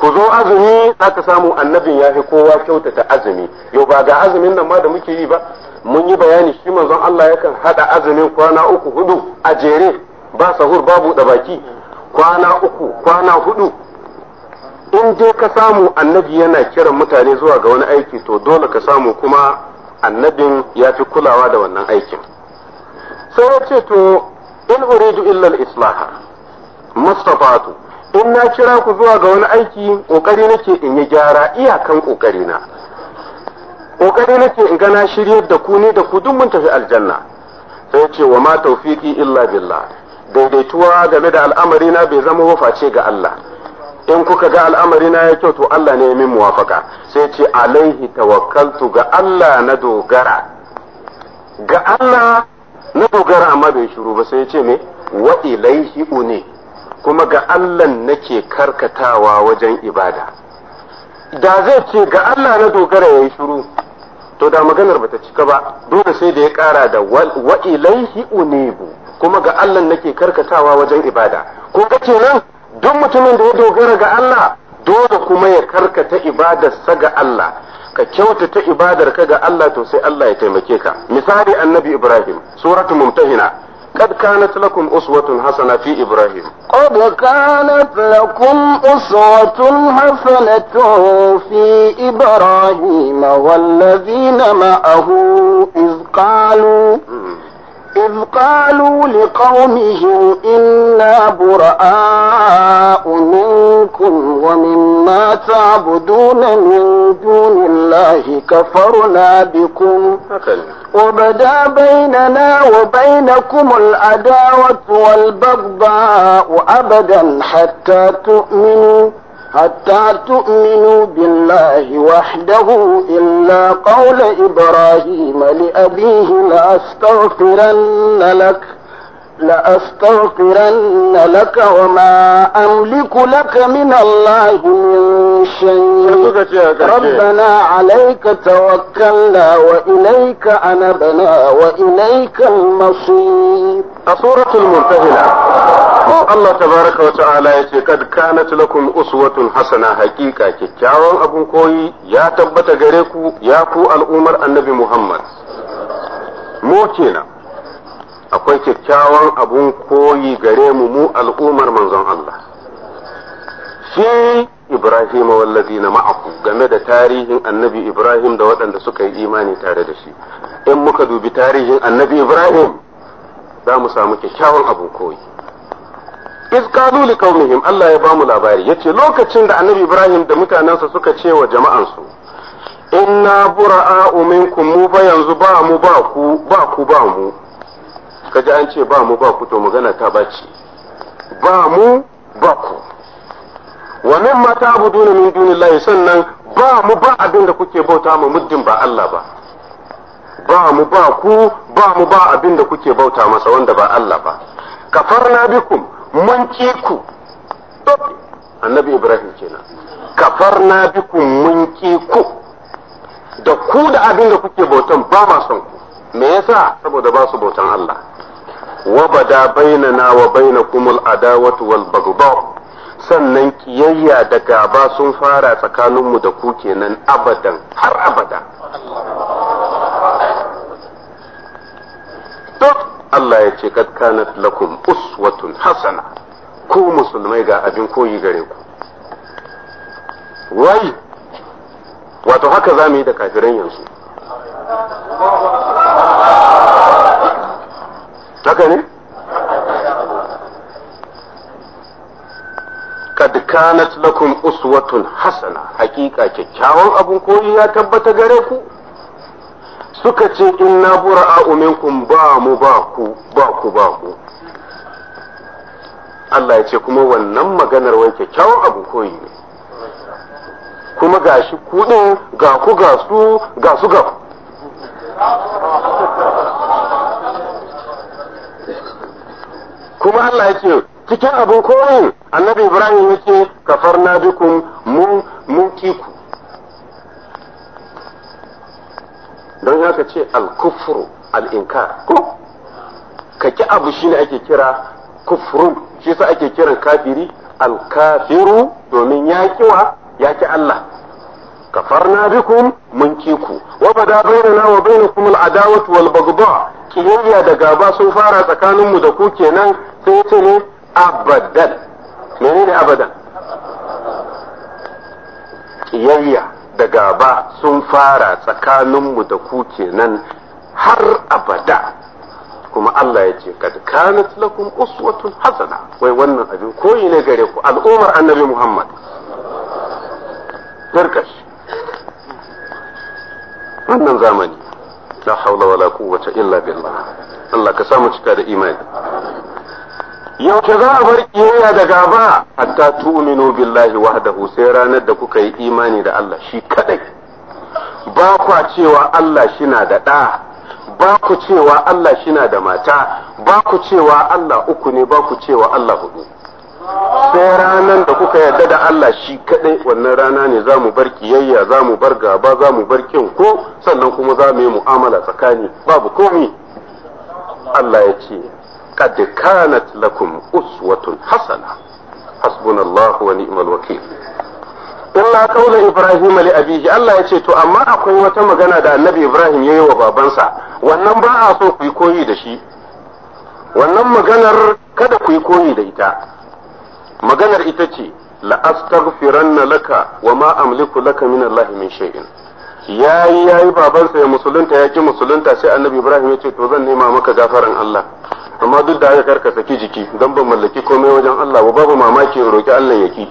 ku zo azumi za ka samu annabin ya fi kowa kyautata azumi yau ba ga azumin nan ma da muke yi ba mun yi bayani shi manzon Allah yakan hada azumin kwana uku hudu a jere ba sahur babu da baki kwana uku kwana hudu in dai ka samu annabi yana kiran mutane zuwa ga wani aiki to dole ka samu kuma annabin ya fi kulawa da wannan aikin sai ya ce to in uridu illa al-islaha mustafatu in na kira ku zuwa ga wani aiki ƙoƙari nake in yi gyara iyakan ƙoƙari na ƙoƙari nake in gana shiryar da ku ne da ku duk mun tafi aljanna sai ce wa ma tawfiqi illa billah daidaituwa game da al'amari na bai zama waface ga Allah in kuka ga al'amari na ya kyau to Allah ne ya min muwafaka sai ce alaihi tawakkaltu ga Allah na dogara ga Allah na dogara amma bai shiru ba sai ce me wa ilaihi ne? kuma ga Allah nake karkatawa wajen ibada da zai ce ga Allah na dogara ya yi shiru to da maganar bata cika ba dole sai da ya ƙara da wa ilaihi unibu kuma ga Allah nake karkatawa wajen ibada ko ga nan, duk mutumin da ya dogara ga Allah dole kuma ya karkata ibadarsa ga Allah ka kyautata ibadarka ga Allah to sai Allah ya taimake ka misali annabi Ibrahim suratul mumtahina قد كانت لكم أسوة حسنة في إبراهيم قد كانت لكم أسوة حسنة في إبراهيم والذين معه إذ قالوا م. إذ قالوا لقومهم إنا براء منكم ومما تعبدون من دون الله كفرنا بكم وبدا بيننا وبينكم العداوة والبغضاء أبدا حتى تؤمنوا حتى تؤمنوا بالله وحده إلا قول إبراهيم لأبيه لأستغفرن لك لأستغفرن لك وما أملك لك من الله من شيء ربنا عليك توكلنا وإليك أنبنا وإليك المصير سورة المرتهلة الله تبارك وتعالى قد كانت لكم أسوة حسنة حقيقة كيكاوان أبو كوي يا تبت غريكو يا كو الأمر النبي محمد موكينا akwai kyakkyawan abun koyi gare mu mu al'ummar manzon Allah shi Ibrahim na ma'ahu game da tarihin annabi Ibrahim da waɗanda suka yi imani tare da shi in muka dubi tarihin annabi Ibrahim za mu samu kyakkyawan abun koyi iz qalu liqaumihim Allah ya ba mu labari yace lokacin da annabi Ibrahim da mutanansa suka ce wa jama'ansu inna bura'a minkum mu ba yanzu ba mu ba ku ba ku ba mu kaji ji an ce ba mu ba ku to magana ta bace ba mu ba ku wa min ma ta'buduna min dunillahi sannan ba mu ba abin da kuke bauta mu muddin ba Allah ba ba mu ba ku ba mu ba abin da kuke bauta masa wanda ba Allah ba kafarna bikum mun ki ku annabi Ibrahim kenan kafarna bikum mun ki ku da ku da abin da kuke bautan ba ma son ku me yasa saboda ba su bautan Allah وبدا بيننا وبينكم العداوة والبغضاء sannan kiyayya da gaba sun fara tsakaninmu da ku kenan abadan har abada duk Allah ya ce kad kanat lakum uswatun hasana ku musulmai ga abin koyi gare ku wai wato haka za mu yi da kafiran yanzu kanat lakum uswatun hasana hakika kyakkyawan abun koyi ya tabbata gare ku suka ce inna bura'a minkum ba mu ba ku ba ku ba ku Allah ya ce kuma wannan maganar wai kyakkyawan abun koyi ne kuma ga shi din ga ku ga su ga su ga kuma Allah ya ce cikin abin koyi. annabi ibrahim yake na bikum mun mun ku don haka ce al-kufru al-inkar ko kaki abu shine ake kira kufrun shi sa ake kiran kafiri al-kafiru domin ya yaki wa ki Allah na bikum mun ku wa bada bainana wa bainakum al-adawatu wal bagdha kiyayya da gaba sun fara tsakanin mu da ku kenan sai ce ne abadan menene abada kiyayya da gaba sun fara tsakaninmu da ku kenan har abada kuma Allah ya ce kad kanat lakum uswatun hasana wai wannan abin koyi ne gare ku al'ummar annabi Muhammad darkash wannan zamani la haula wala quwwata illa billah Allah ka samu cika da imani yaushe za a bar kiyayya da gaba hatta tu'minu billahi wahdahu sai ranar da kuka yi imani da Allah shi kadai ba kwa cewa Allah shina da ɗa ba ku cewa Allah shina da mata ba ku cewa Allah uku ne ba ku cewa Allah hudu sai ranar da kuka yarda da Allah shi kadai wannan rana ne za mu bar kiyayya za mu bar gaba za mu bar kin ko sannan kuma za mu yi mu'amala tsakani babu komi Allah ya ce لقد كانت لكم أسوة حسنة حسبنا الله ونعم الوكيل illa kaula ibrahim li abiji Allah ya ce to amma akwai wata magana da annabi ibrahim ya yi wa babansa wannan ba a so ku yi koyi da shi wannan maganar kada ku yi koyi da ita maganar ita ce la astaghfiranna laka wa ma amliku laka min Allah ya yi ya yi babansa ya musulunta ya ki musulunta sai annabi ibrahim ya ce to zan nema maka gafaran allah amma duk da haka karka saki jiki don ban mallaki komai wajen allah ba babu mamaki ya roki allah ya ki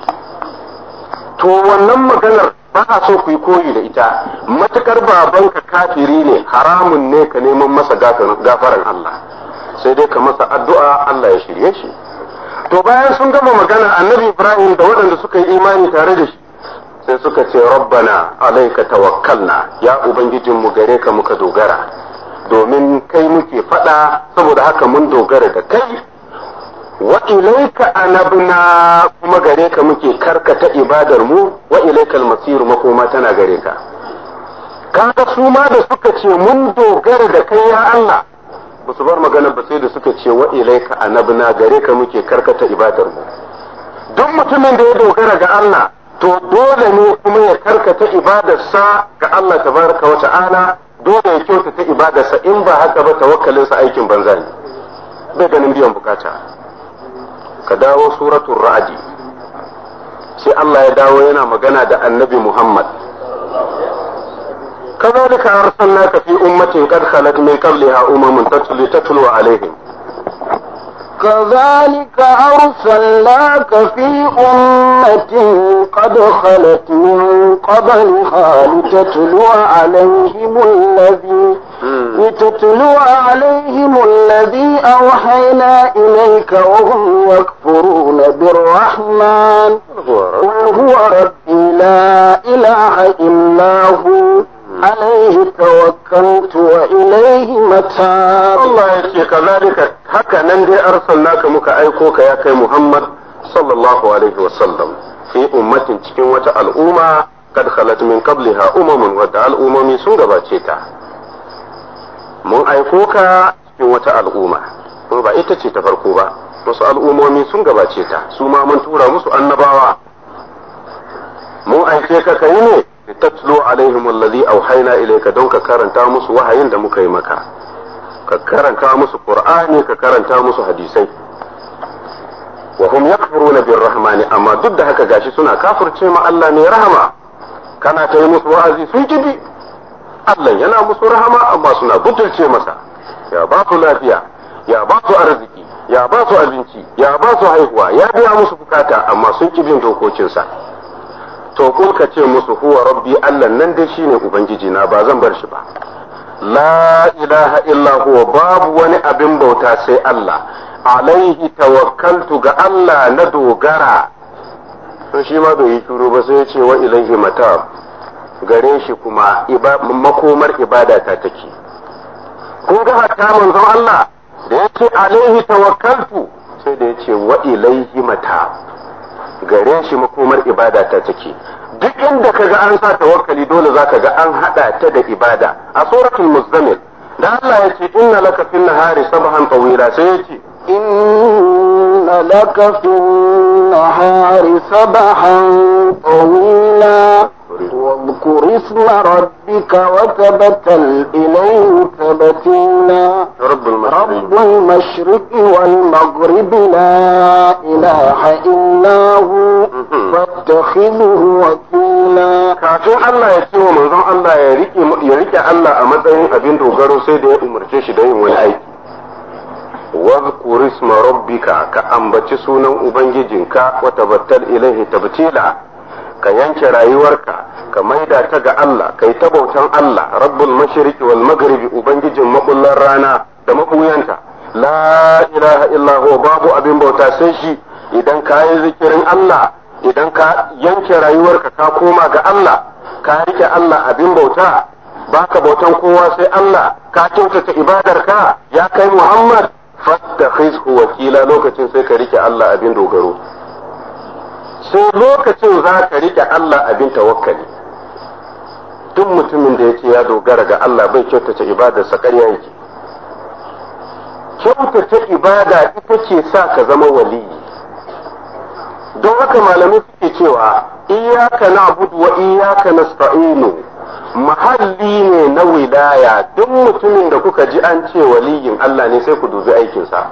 to wannan maganar ba a so ku yi koyi da ita matukar babanka kafiri ne haramun ne ka neman masa gafaran allah sai dai ka masa addu'a allah ya shirye shi to bayan sun gama magana annabi ibrahim da waɗanda suka yi imani tare da shi sai suka ce rabbana alaika tawakkalna ya mu gare ka muka dogara domin kai muke faɗa saboda haka mun dogara da kai wa ilaika anabna kuma gare ka muke karkata ibadar mu wa ilaika almasiru makoma tana gare ka kaga su ma da suka ce mun dogara da kai ya Allah ba bar magana ba sai da suka ce wa ilaika anabna gare ka muke karkata ibadar mu duk mutumin da ya dogara ga Allah to dole ne kuma ya karkata ibadarsa ga Allah tabaraka wa ta'ala dole ya kyauta kyautata ibadarsa in ba haka ba tawakkalin sa aikin banza ne bai ganin biyan bukata ka dawo suratul ra'adi sai Allah ya dawo yana magana da annabi Muhammad كذلك fi ummatin qad قد min من قبلها tatlu tatlu alaihim كذلك أرسلناك في أمة قد خلت من قبلها لتتلو عليهم الذي لتتلو عليهم الذي أوحينا إليك وهم يكفرون بالرحمن قل هو ربي لا إله إلا هو عليه توكلت وإليه متاب الله يشي كذلك هكا نندي أرسلناك مكا أيكوك يا كي محمد صلى الله عليه وسلم في أمة تكون الأمة قد خلت من قبلها أمم ودع الأمم سنغبا تيتا من أيكوك تكون الأمة ba ita ce ta farko ba wasu al'ummomi sun gabace ta su ma mun tura musu annabawa mun aike ka kai ne tatlu alaihim allazi auhayna ilayka don ka karanta musu wahayin da muka yi maka ka karanta musu qur'ani ka karanta musu hadisai wa hum yakfuruna birrahmani amma duk da haka gashi suna kafirce ma Allah ne rahama kana ta yi musu wa'azi sun kibi Allah yana musu rahama amma suna butulce masa ya ba su lafiya ya ba su arziki ya ba su abinci ya ba su haihuwa ya biya musu bukata amma sun kibin dokokinsa to kun ka ce musu huwa rabbi Allah nan dai shine ubangiji na ba zan bar shi ba la ilaha illa huwa babu wani abin bauta sai Allah alaihi tawakkaltu ga Allah na dogara to shi ma bai yi turo ba sai ya ce wa ilaihi mata gare shi kuma makomar ibada ta take kun ga hatta manzon Allah da ya ce alaihi tawakkaltu sai da ya ce wa ilaihi mata gare shi makomar ibada ta take duk inda kaga an sa tawakkali dole za ka ga an hada ta da ibada a suratul muzammil da Allah ya ce inna laka fil nahari sabahan tawila sai ya yace inna laka fil nahari sabahan tawila واذكر اسم ربك وتبتل إليه تبتيلا رب المشرق, رب المشرق والمغرب لا إله إلا هو فاتخذه وكيلا kafin ألا يسيو ce wa manzon Allah ya rike Allah a matsayin abin dogaro sai da ya واذكر اسم ربك كأنبت سونا أبنججنك وتبتل إليه تبتيلا ka yanke rayuwarka ka maida ta ga Allah kai ta bautan Allah rabbul mashriqi wal maghribi ubangijin makullan rana da makuyanta la ilaha illa huwa babu abin bauta sai shi idan ka yi zikirin Allah idan ka yanke rayuwarka ka koma ga Allah ka rike Allah abin bauta baka bautan kowa sai Allah ka kyautata ibadarka ya kai Muhammad fattakhizhu wakila lokacin sai ka rike Allah abin dogaro Sai lokacin za ka rike Allah abin tawakkali duk mutumin da yake ya dogara ga Allah bai kyautata ibadarsa ƙarya yake kyautata ibada ita ce sa ka zama waliyi don haka malamai suke cewa iyaka na abudu wa iyaka na sta'inu mahalli ne na wilaya duk mutumin da kuka ji an ce waliyin Allah ne sai ku dubi aikinsa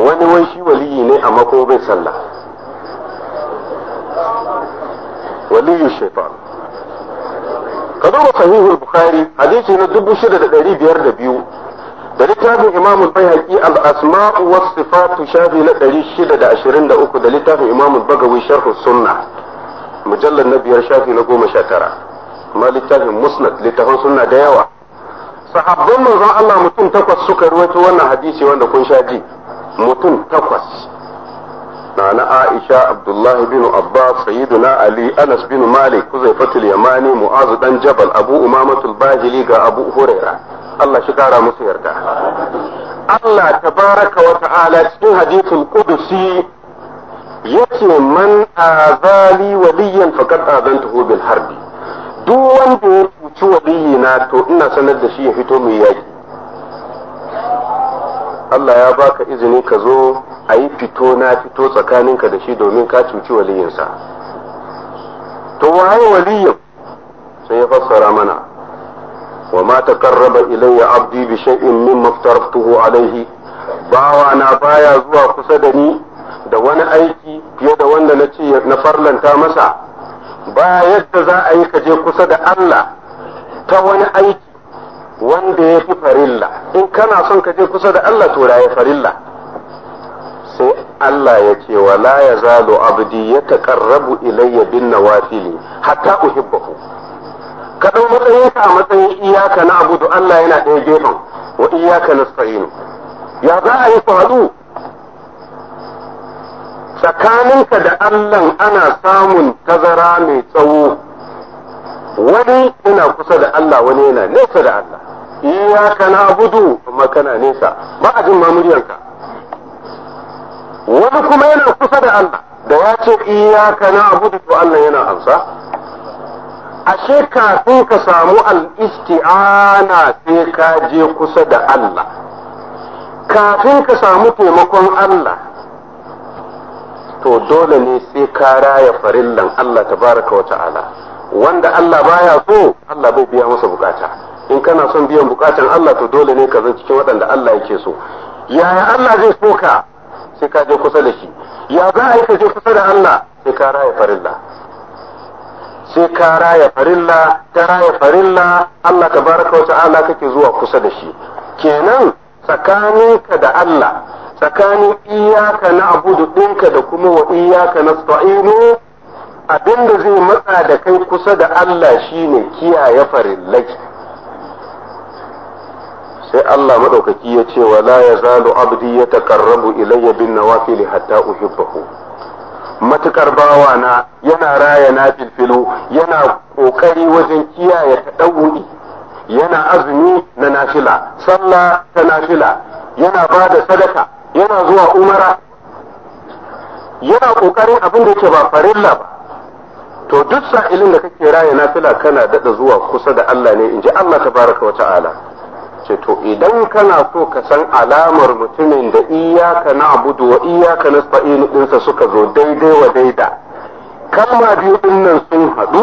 wani wai shi waliyi ne amma ko bai sallah waliyu shaitan ka duba sahihul bukhari hadisi na 6502 da littafin imam al-bayhaqi al-asma'u was sifatu shafi na 623 da littafin imam al-bagawi sharh sunna mujallal na biyar shafi na 19 amma littafin musnad littafin sunna da yawa sahabban manzon Allah mutum takwas suka ruwaito wannan hadisi wanda kun sha ji mutum takwas nana Aisha Abdullahi, Abdullah Abba, Abbas na Ali Anas bin Malik Huzaifatul Yamani Mu'az dan Jabal Abu Umamatul Bahili ga Abu Huraira Allah shi kara musu yarda Allah tabaraka wa ta'ala cikin hadithul qudusi yace man azali waliyan faqad azantuhu bil harbi duk wanda ya cuci waliyina to ina sanar da shi ya fito mai yaki Allah ya baka izini ka zo a yi fito na fito tsakaninka da shi domin ka cuci waliyinsa to waye waliyin sai ya fassara mana wa ma ilai ilayya abdi bi shay'in min aftaraftuhu alaihi. bawa na baya zuwa kusa da ni da wani aiki fiye da wanda na ce na farlanta masa ba yadda za a yi kaje kusa da Allah ta wani aiki wanda ya fi farilla in kana son ka je kusa da Allah to raye farilla sai Allah ya ce wa ya zalo abdi ya taqarrabu ilayya bin nawafili hatta uhibbahu ka dau matsayin ka a matsayin iyaka na abudu Allah yana ɗaya gefen wa iyaka nasta'inu ya za a yi faru tsakaninka da Allah ana samun tazara mai tsawo wani yana kusa da Allah wani yana nesa da Allah iyaka na gudu, amma kana nesa ba a jin mamuryanka wani kuma yana kusa da Allah da ya ce iyaka na gudu, to Allah yana amsa ashe kafin ka samu al-isti'ana sai ka je kusa da Allah kafin ka samu taimakon Allah to dole ne sai ka raya farillan Allah tabaraka wa ta'ala wanda Allah baya so Allah bai biya masa bukata in kana son biyan bukatan Allah to dole ne ka zo cikin waɗanda Allah yake so yaya Allah zai so ka sai ka je kusa da shi ya za a yi ka je kusa da Allah sai ka raya farilla sai ka raya farilla ta raya farilla Allah baraka wata ala kake zuwa kusa da shi kenan tsakaninka da Allah tsakanin iyaka na abudu ɗinka da kuma wa iyaka na sta'inu abin da zai matsa da kai kusa da Allah shi ne kiyaye farillaki sai Allah maɗaukaki ya ce wa la yazalu abdi yataqarrabu ilayya bin nawafil hatta uhibbahu matukar bawa na yana raya na filfilu yana ƙoƙari wajen kiyaye ta tadawudi yana azumi na nafila sallah ta nafila yana ba sadaka yana zuwa umara yana ƙoƙarin abin da yake ba farilla ba to duk sa'ilin da kake raya nafila kana dada zuwa kusa da Allah ne in ji Allah baraka wa ta'ala ce to idan kana so ka san alamar mutumin da iyaka na abudu wa iyaka na sa'ilu ɗinsa suka zo daidai wa daida kalma biyu ɗin nan sun haɗu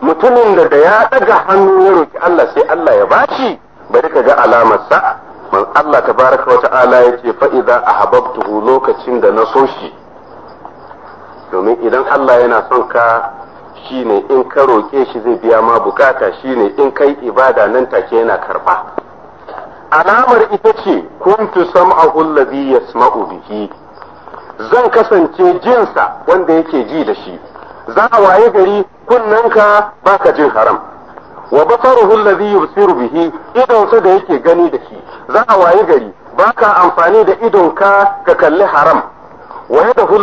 mutumin da da ya ɗaga hannu ya roƙi Allah sai Allah ya bashi bari ka ga alamarsa man Allah tabaraka wa ta'ala ya ce fa'iza a hababtuhu lokacin da na so shi domin idan Allah yana son ka shine in ka roƙe shi zai biya ma bukata shine in kai ibada nan take yana karba alamar ita ce kuntu sam'ahu allazi yasma'u bihi zan kasance jinsa wanda yake ji da shi za a waye gari kunnanka baka jin haram wa basaruhu allazi yubsiru bihi idonsa da yake gani da shi za a waye gari baka amfani da idon ka ka kalli haram wa yadahu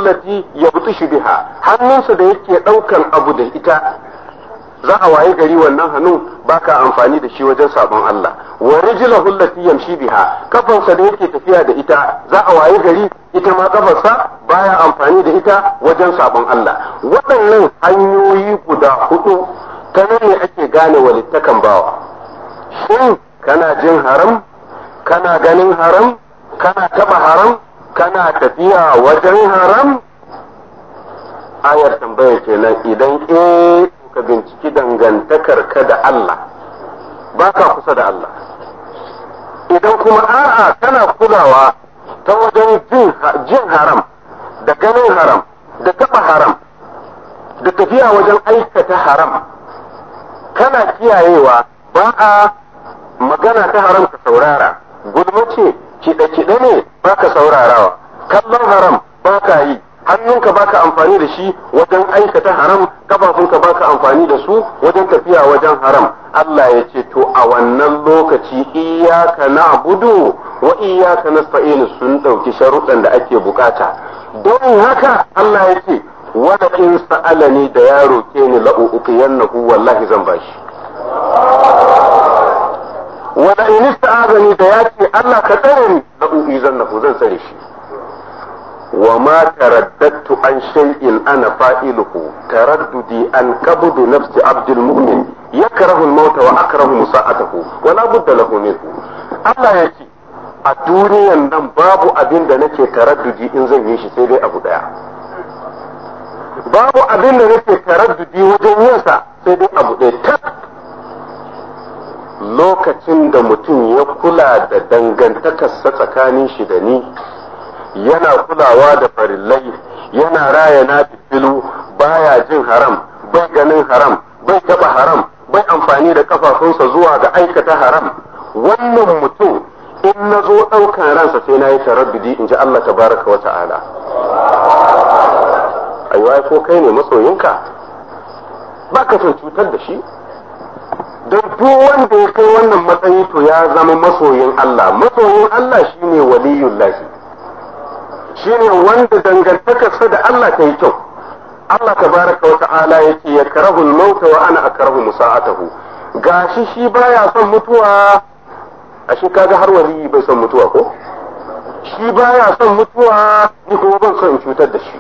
ya shi biha hannunsa da yake ɗaukan abu da ita za a waye gari wannan hannun baka amfani da shi wajen sabon Allah wa rijluhu hullati yamshi biha kafansa da yake tafiya da ita za a waye gari ita ma kafarsa baya amfani da ita wajen sabon Allah waɗannan hanyoyi guda hudu ta nan ne ake gane walittakan bawa shin kana jin haram kana ganin haram kana taba haram kana tafiya wajen haram ayar tambaya nan idan eh ka binciki dangantakar ka da Allah ba ka kusa da Allah idan kuma a'a kana kulawa ta wajen jin haram da ganin haram da taba haram da tafiya wajen aikata haram kana kiyayewa ba a magana ta haram ka saurara ce. kiɗe-kiɗe ne baka saurarawa kallon haram baka yi hannunka baka amfani da shi wajen aikata haram kafafunka baka amfani da su wajen tafiya wajen haram Allah ya ce to a wannan lokaci iyaka na gudu wa iyaka na nasta'in sun ɗauki sharuɗan da ake bukata don haka Allah ya ce wadda in sa'alani da yaro ke ni la'u'uqiyannahu wallahi zan bashi wa in yi ista'azani da ce Allah ka tsare ni ubi zan nafu zan tsare shi wa ma taraddatu an shay'in ana fa'iluhu taraddudi an kabudu nafsi abdul mu'min yakrahu al-maut wa akrahu musa'atuhu wa la budda lahu minhu Allah ya ce, a duniyan nan babu abin da nake taraddudi in zan yi shi sai dai abu daya babu abin da nake taraddudi wajen yinsa sai dai abu daya lokacin da mutum ya kula da dangantakarsa tsakanin shi da ni yana kulawa da farillai yana raya na baya jin haram bai ganin haram bai taba haram bai amfani da kafafunsa zuwa ga aikata haram wannan mutum in na zo ɗaukan ransa sai na yi taraddudi in ji Allah tabaraka wa ta'ala aiwa ko kai ne masoyinka ba ka cutar da shi don duk wanda ya kai wannan matsayi to ya zama masoyin Allah masoyin Allah shine waliyun lahi shine wanda dangantakarsa da Allah ta yi kyau Allah tabaraka wa ta'ala yake ya karahu al-mauta wa ana akrahu musa'atahu gashi shi baya son mutuwa shi kaga har waliyi bai son mutuwa ko shi baya son mutuwa ni kuma ban son in cutar da shi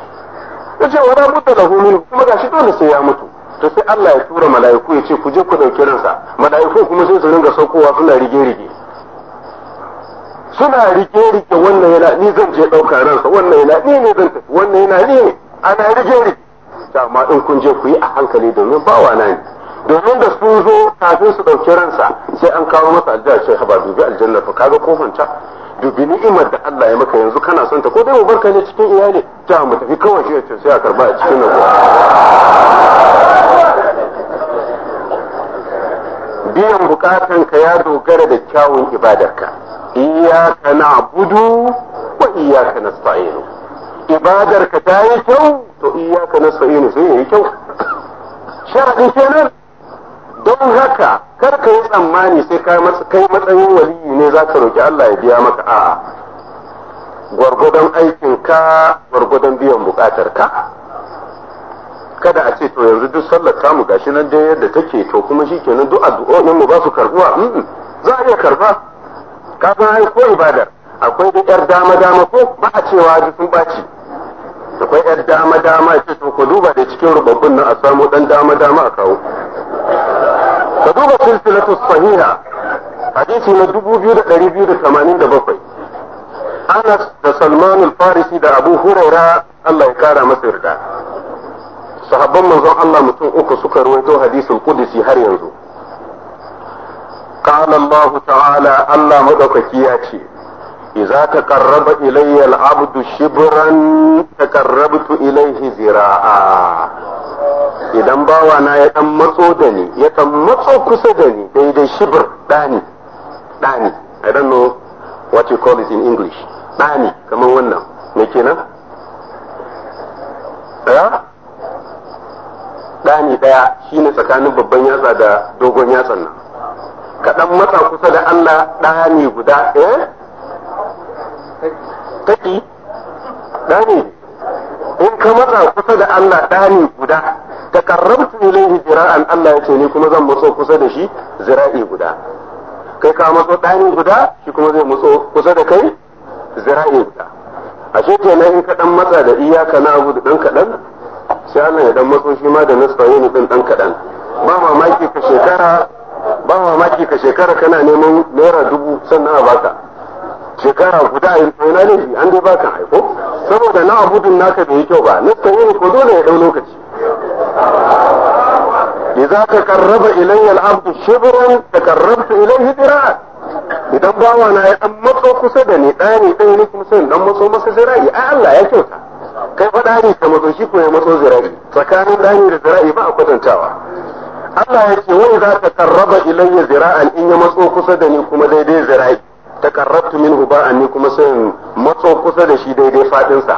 yace wala budda lahu min kuma gashi dole sai ya mutu to sai Allah ya tura mala'iku ya ce ku je ku ɗauki ransa mala'iku kuma sai su ringa saukowa suna rige-rige suna rige-rige wannan yana ni zan je dauka ransa wannan yana ni ne zan tafi wannan yana ni ne ana rige-rige da amma in kun je ku yi a hankali domin bawa na ne domin da sun zo kafin su ɗauki ransa sai an kawo masa aljanna ce haba dubi aljanna fa kaga ko ta dubi ni'imar da Allah ya maka yanzu kana son ta ko dai mu barka ne cikin iyali ta mu tafi kawai shi sai a karba a cikin nan biyan bukatanka ya dogara da kyawun ibadarka iyaka budu, wa iyaka sa'inu ibadarka ta yi kyau to iyaka sa'inu sai yi kyau Sharaɗin kenan don haka kar ka yi tsammani sai kai matsayin waliyi ne za ka roƙi Allah ya biya maka a'a gwargwadon aikinka gwargwadon biyan bukatarka kada a ce to yanzu duk sallar samu gashi nan dai yadda take to kuma shi kenan duk addu'o'in mu ba su karbuwa za a iya karba ka san ai ko ibadar akwai da yar dama dama ko ba a cewa duk sun baci akwai yar dama dama ce to ku duba da cikin rubabbun nan a samu dan dama dama a kawo ka duba silsilatu sahiha hadisi na 2287 Anas da Salman al-Farisi da Abu Huraira Allah ya kara masa yarda sahabban manzon Allah mutum uku suka ruwaito hadisin qudsi har yanzu قال الله تعالى الله مدوكياتي إذا تقرب إلي العبد شبرا تقربت إليه ذراعا idan bawana ya dan matso da ni ya dan matso kusa da ni daidai shibir dani dani i don't know what you call it in english dani kamar wannan me kenan eh? ɗani ɗaya shine tsakanin babban yatsa da dogon yatsan nan kaɗan matsa kusa da Allah ɗani guda eh taki ɗani in ka matsa kusa da Allah ɗani guda ta karramtu ilaihi an Allah ya ce ni kuma zan matso kusa da shi zira'i guda kai ka maso ɗani guda shi kuma zai matso kusa da kai zira'i guda a ashe kenan in ka dan matsa da iyaka na abu da dan kaɗan sai Allah ya dan matso shi ma da nasta'inu din dan kadan ba mamaki ka shekara ba mamaki ka shekara kana neman naira dubu sannan a baka shekara guda ina ne an dai baka haiko saboda na abudun naka da yi kyau ba nasta'inu ko dole ya dau lokaci إذا ilayya al العبد shibran تقربت ilayhi ذراعا idan bawa na ya dan matso kusa da ni ɗaya ne ɗaya ne kuma sai dan matso masa zira'i ai Allah ya kyauta kai faɗa ne ka matso shi ko ya matso zira'i tsakanin dani da zira'i ba a kwatantawa Allah ya ce wai za ta karraba ilayya zira'an in ya matso kusa da ni kuma daidai zira'i ta karrabtu min huba'an ni kuma sai matso kusa da shi daidai faɗinsa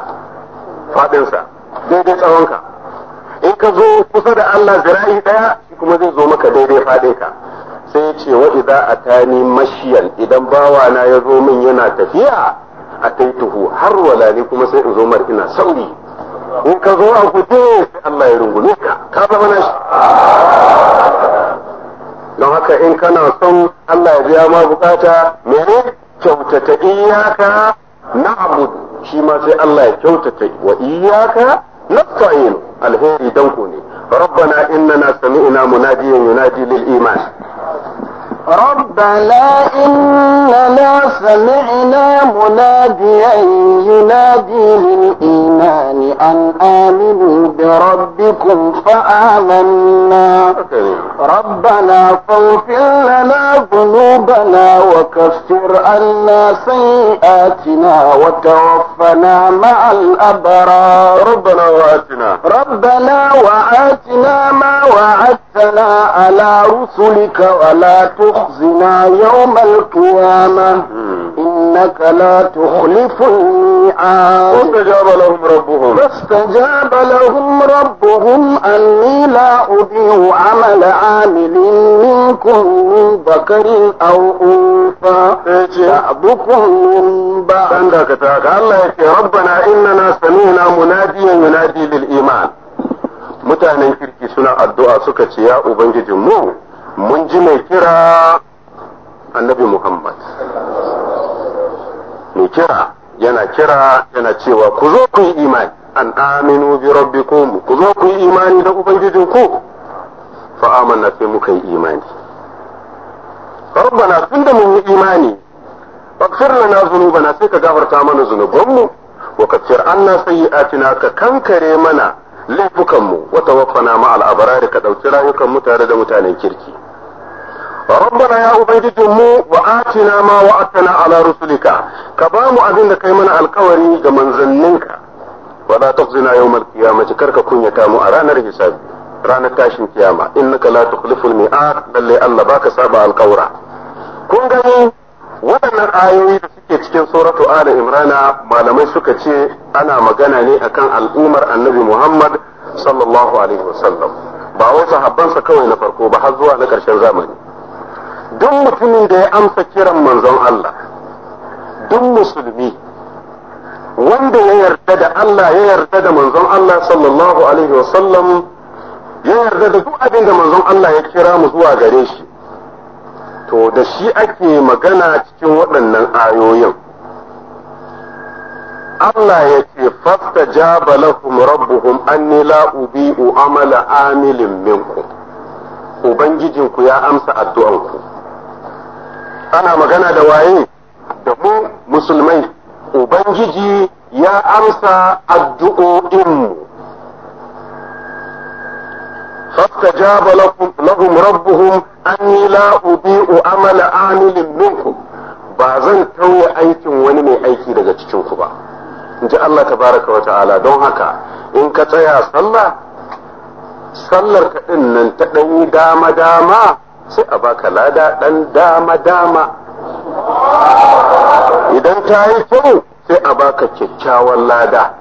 faɗinsa daidai tsawonka in ka zo kusa da Allah zira'i daya shi kuma zai zo maka daidai faɗinka sai ya ce wa idza atani mashiyan idan bawana ya zo min yana tafiya ataituhu har wala ne kuma sai in zo mar ina sauri in ka zo a guje Allah ya rungume ka ka zama na shi don haka in kana son Allah ya biya ma bukata ne kyautata iyaka na shi ma sai Allah ya kyautata wa iyaka nasta'in alheri danko ne ربنا إننا سمعنا مناديا ينادي للإيمان ربنا إننا سمعنا مناديا ينادي للإيمان أن آمنوا بربكم فآمنا ربنا فاغفر لنا ذنوبنا وكفر عنا سيئاتنا وتوفنا مع الأبرار ربنا وآتنا ربنا وآتنا ما وعدتنا على رسلك ولا تؤمن تخزنا يوم القيامة إنك لا تخلف الميعاد فاستجاب لهم ربهم فاستجاب لهم ربهم أني لا أضيع عمل عامل منكم من ذكر أو أنثى بعضكم من بعض عندك الله يا ربنا إننا سمعنا مناديا ينادي للإيمان mutanen kirki suna الدعاء suka يا ya Ubangijinmu mun ji mai kira annabi Muhammad mai kira yana kira yana cewa ku zo ku yi imani an aminu bi rabbikum ku zo ku yi imani da ubangijinku fa amanna sai muka yi imani rabbana tunda mun yi imani faghfir lana dhunubana sai ka gafarta mana zunubanmu wa kaffir anna sayyi'atina ka kankare mana laifukanmu wata tawaffana ma al-abrar ka dauki rayukan mu da mutanen kirki rabbana ya ubangiji mu wa atina ma wa atana ala rusulika ka ba mu abin da kai mana alkawari ga manzanninka wala taqzina yawmal kar ka kunyata mu a ranar hisabi ranar tashin kiyama innaka la tukhliful mi'ad lalle Allah baka saba alkawra kun gani waɗannan ayoyi da suke cikin suratu ala imrana malamai suka ce ana magana ne akan al'ummar annabi muhammad sallallahu alaihi wasallam ba wai sahabbansa kawai na farko ba har zuwa na ƙarshen zamani duk mutumin da ya amsa kiran manzon Allah duk musulmi wanda ya yarda da Allah ya yarda da manzon Allah sallallahu alaihi wasallam ya yarda da duk abin da manzon Allah ya kira mu zuwa gare shi to da shi ake magana cikin waɗannan ayoyin Allah ya ce fasta jaba lahum rabbuhum anni la ubi'u amala amilin minkum ubangijinku ya amsa addu'anku ana magana da waye da mu musulmai ubangiji ya amsa addu'o'inmu فاستجاب لهم ربهم أني لا أضيء عمل ba zan بازن aikin wani mai aiki daga cikinku ba in ji Allah tabaraka wa ta'ala don haka in ka tsaya sallah sallar ka nan ta ɗanyi dama dama sai a baka lada ɗan dama-dama idan ta yi kyau sai a baka kyakkyawan lada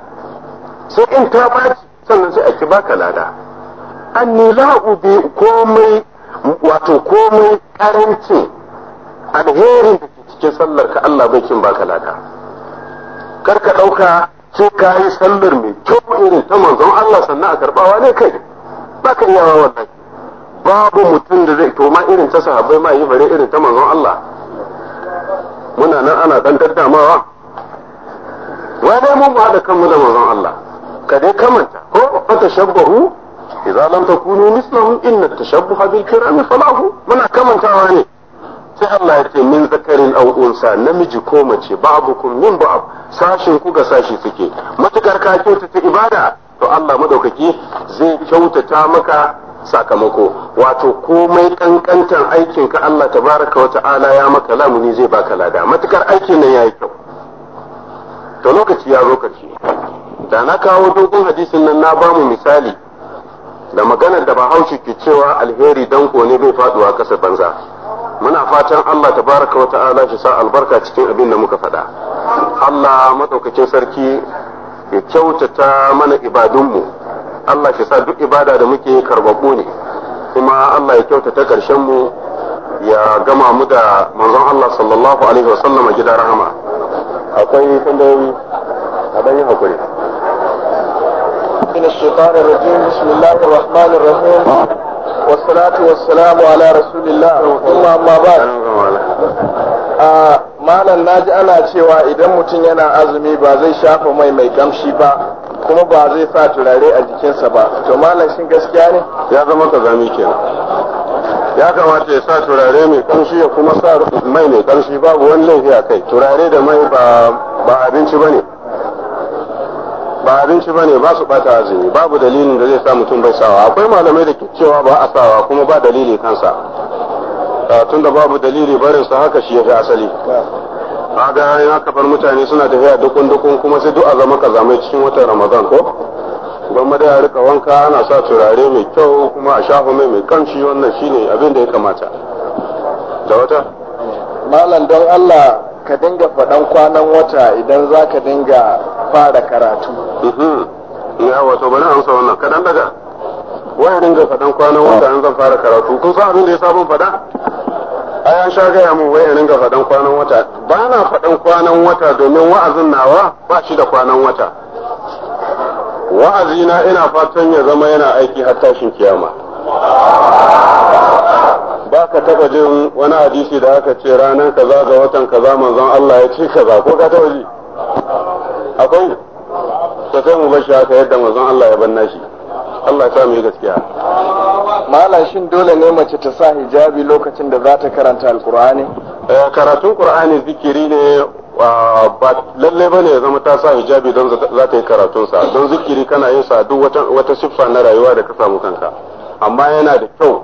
sai in ta baci sannan sai a ki baka lada an nila komai wato komai karanci alherin da ke cikin sallar ka Allah bai kin baka lada kar ka ɗauka ce ka yi sallar mai kyau irin ta manzon Allah sannan a karɓawa ne kai baka yawa wallahi babu mutum da zai to ma irin ta sahabbai ma yi bare irin ta manzon Allah muna nan ana dan daddamawa wa dai mun da kanmu da manzon Allah ka dai kamanta ko fa tashabbahu idza lam takunu mislahum inna tashabbuha bil kiram falahu muna kamantawa ne sai Allah ya ce min zakarin aw unsa namiji ko mace kun min ba'd sashin ku ga sashi suke matukar ka kyautata ibada to Allah madaukaki zai kyautata maka sakamako wato komai kankantan aikinka Allah tabaraka wa ta'ala ya maka lamuni zai baka lada matukar aikin nan yayi kyau to lokaci ya lokaci da na kawo dogon hadisin nan na bamu misali da maganar da ba haushi ke cewa alheri danko ne bai faduwa kasa banza muna fatan Allah tabaraka wa ta'ala shi sa albarka cikin abin da muka faɗa Allah madaukakin sarki ya kyautata mana ibadunmu Allah shi sa duk ibada da muke karbabbo ne kuma Allah ya kyautata ƙarshen mu ya gama mu da manzon Allah sallallahu alaihi wasallam a gidan rahama akwai tambayoyi a dan yi hakuri من الشيطان الرجيم بسم الله الرحمن الرحيم والصلاة والسلام على رسول الله ثم أما بعد malam ji ana cewa idan mutum yana azumi ba zai shafa mai mai kamshi ba kuma ba zai sa turare a jikinsa ba to malam shin gaskiya ne ya zama kazami kenan ya kamata ya sa turare mai kamshi ya kuma sa mai mai kamshi babu wani laifi a kai turare da mai ba abinci ba ne ba abinci ba ne ba su bata azumi babu dalilin da zai sa mutum bai sawa akwai malamai da ke cewa ba a sawa kuma ba dalili kansa tunda babu dalili barin su haka shi fi asali ga ya kafar mutane suna tafiya dukun dukun kuma sai duk a zama kazamai cikin watan ramadan ko ma da ya rika wanka ana sa turare mai kyau kuma a shafa mai mai kamshi wannan shine abin da ya kamata da wata malam don allah ka dinga faɗan kwanan wata idan za ka dinga fara karatu. Mhm. Ya wato bari amsa wannan kaɗan daga. wai ringa faɗan kwanan wata an zan fara karatu kun san abin da ya sabon faɗa ai an sha gaya mun wai ringa faɗan kwanan wata ba na faɗan kwanan wata domin wa'azin nawa ba shi da kwanan wata wa'azina ina fatan ya zama yana aiki har tashin kiyama ba ka taba jin wani hadisi da aka ce ranar kaza ga watan kaza manzon Allah ya ce kaza ko ka taba ji akwai ta sai mu bashi shi haka yadda manzon Allah ya banna shi Allah ya samu gaskiya malam shin dole ne mace ta sa hijabi lokacin da za ta karanta alkur'ani eh, karatun Kur'ani zikiri ne ba lalle ba ya zama ta sa hijabi don za ta yi karatunsa don zikiri kana yin sa duk wata siffa na rayuwa da ka samu kanka amma yana da kyau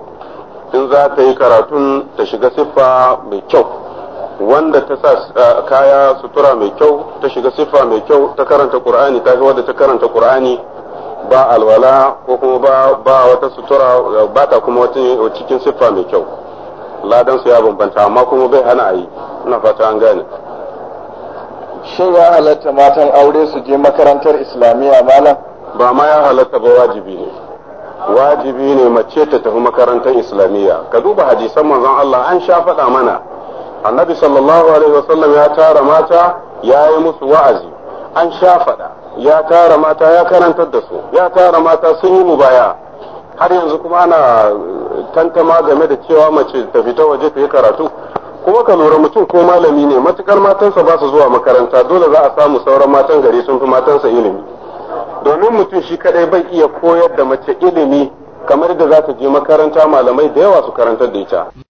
in za ta yi karatun ta shiga siffa mai kyau wanda ta sa eh, kaya sutura mai kyau ta shiga siffa mai kyau ta karanta qur'ani ta wadda ta karanta qur'ani ba alwala ko kuma ba ba wata sutura ba ta kuma cikin siffa mai kyau ladan su ya bambanta amma kuma bai hana yi ina fata an gane shin ya halatta matan aure su je makarantar islamiyya malam ba ma ya halatta ba wajibi ne wajibi ne mace ta tafi makarantar islamiyya ka duba hadisan manzon Allah an sha faɗa mana annabi sallallahu alaihi wasallam ya tara mata ya yi musu wa'azi an sha faɗa ya tara mata ya karantar da su ya tara mata sun yi mubaya har yanzu kuma ana eh, tantama game da cewa mace ta fita waje ta yi karatu kuma ka lura mutum ko malami ne matukar matansa ba su zuwa makaranta dole za a samu sauran matan gari sun fi matansa ilimi domin mutum shi kadai bai iya koyar da mace ilimi kamar da za ta je makaranta malamai da yawa su karantar da ita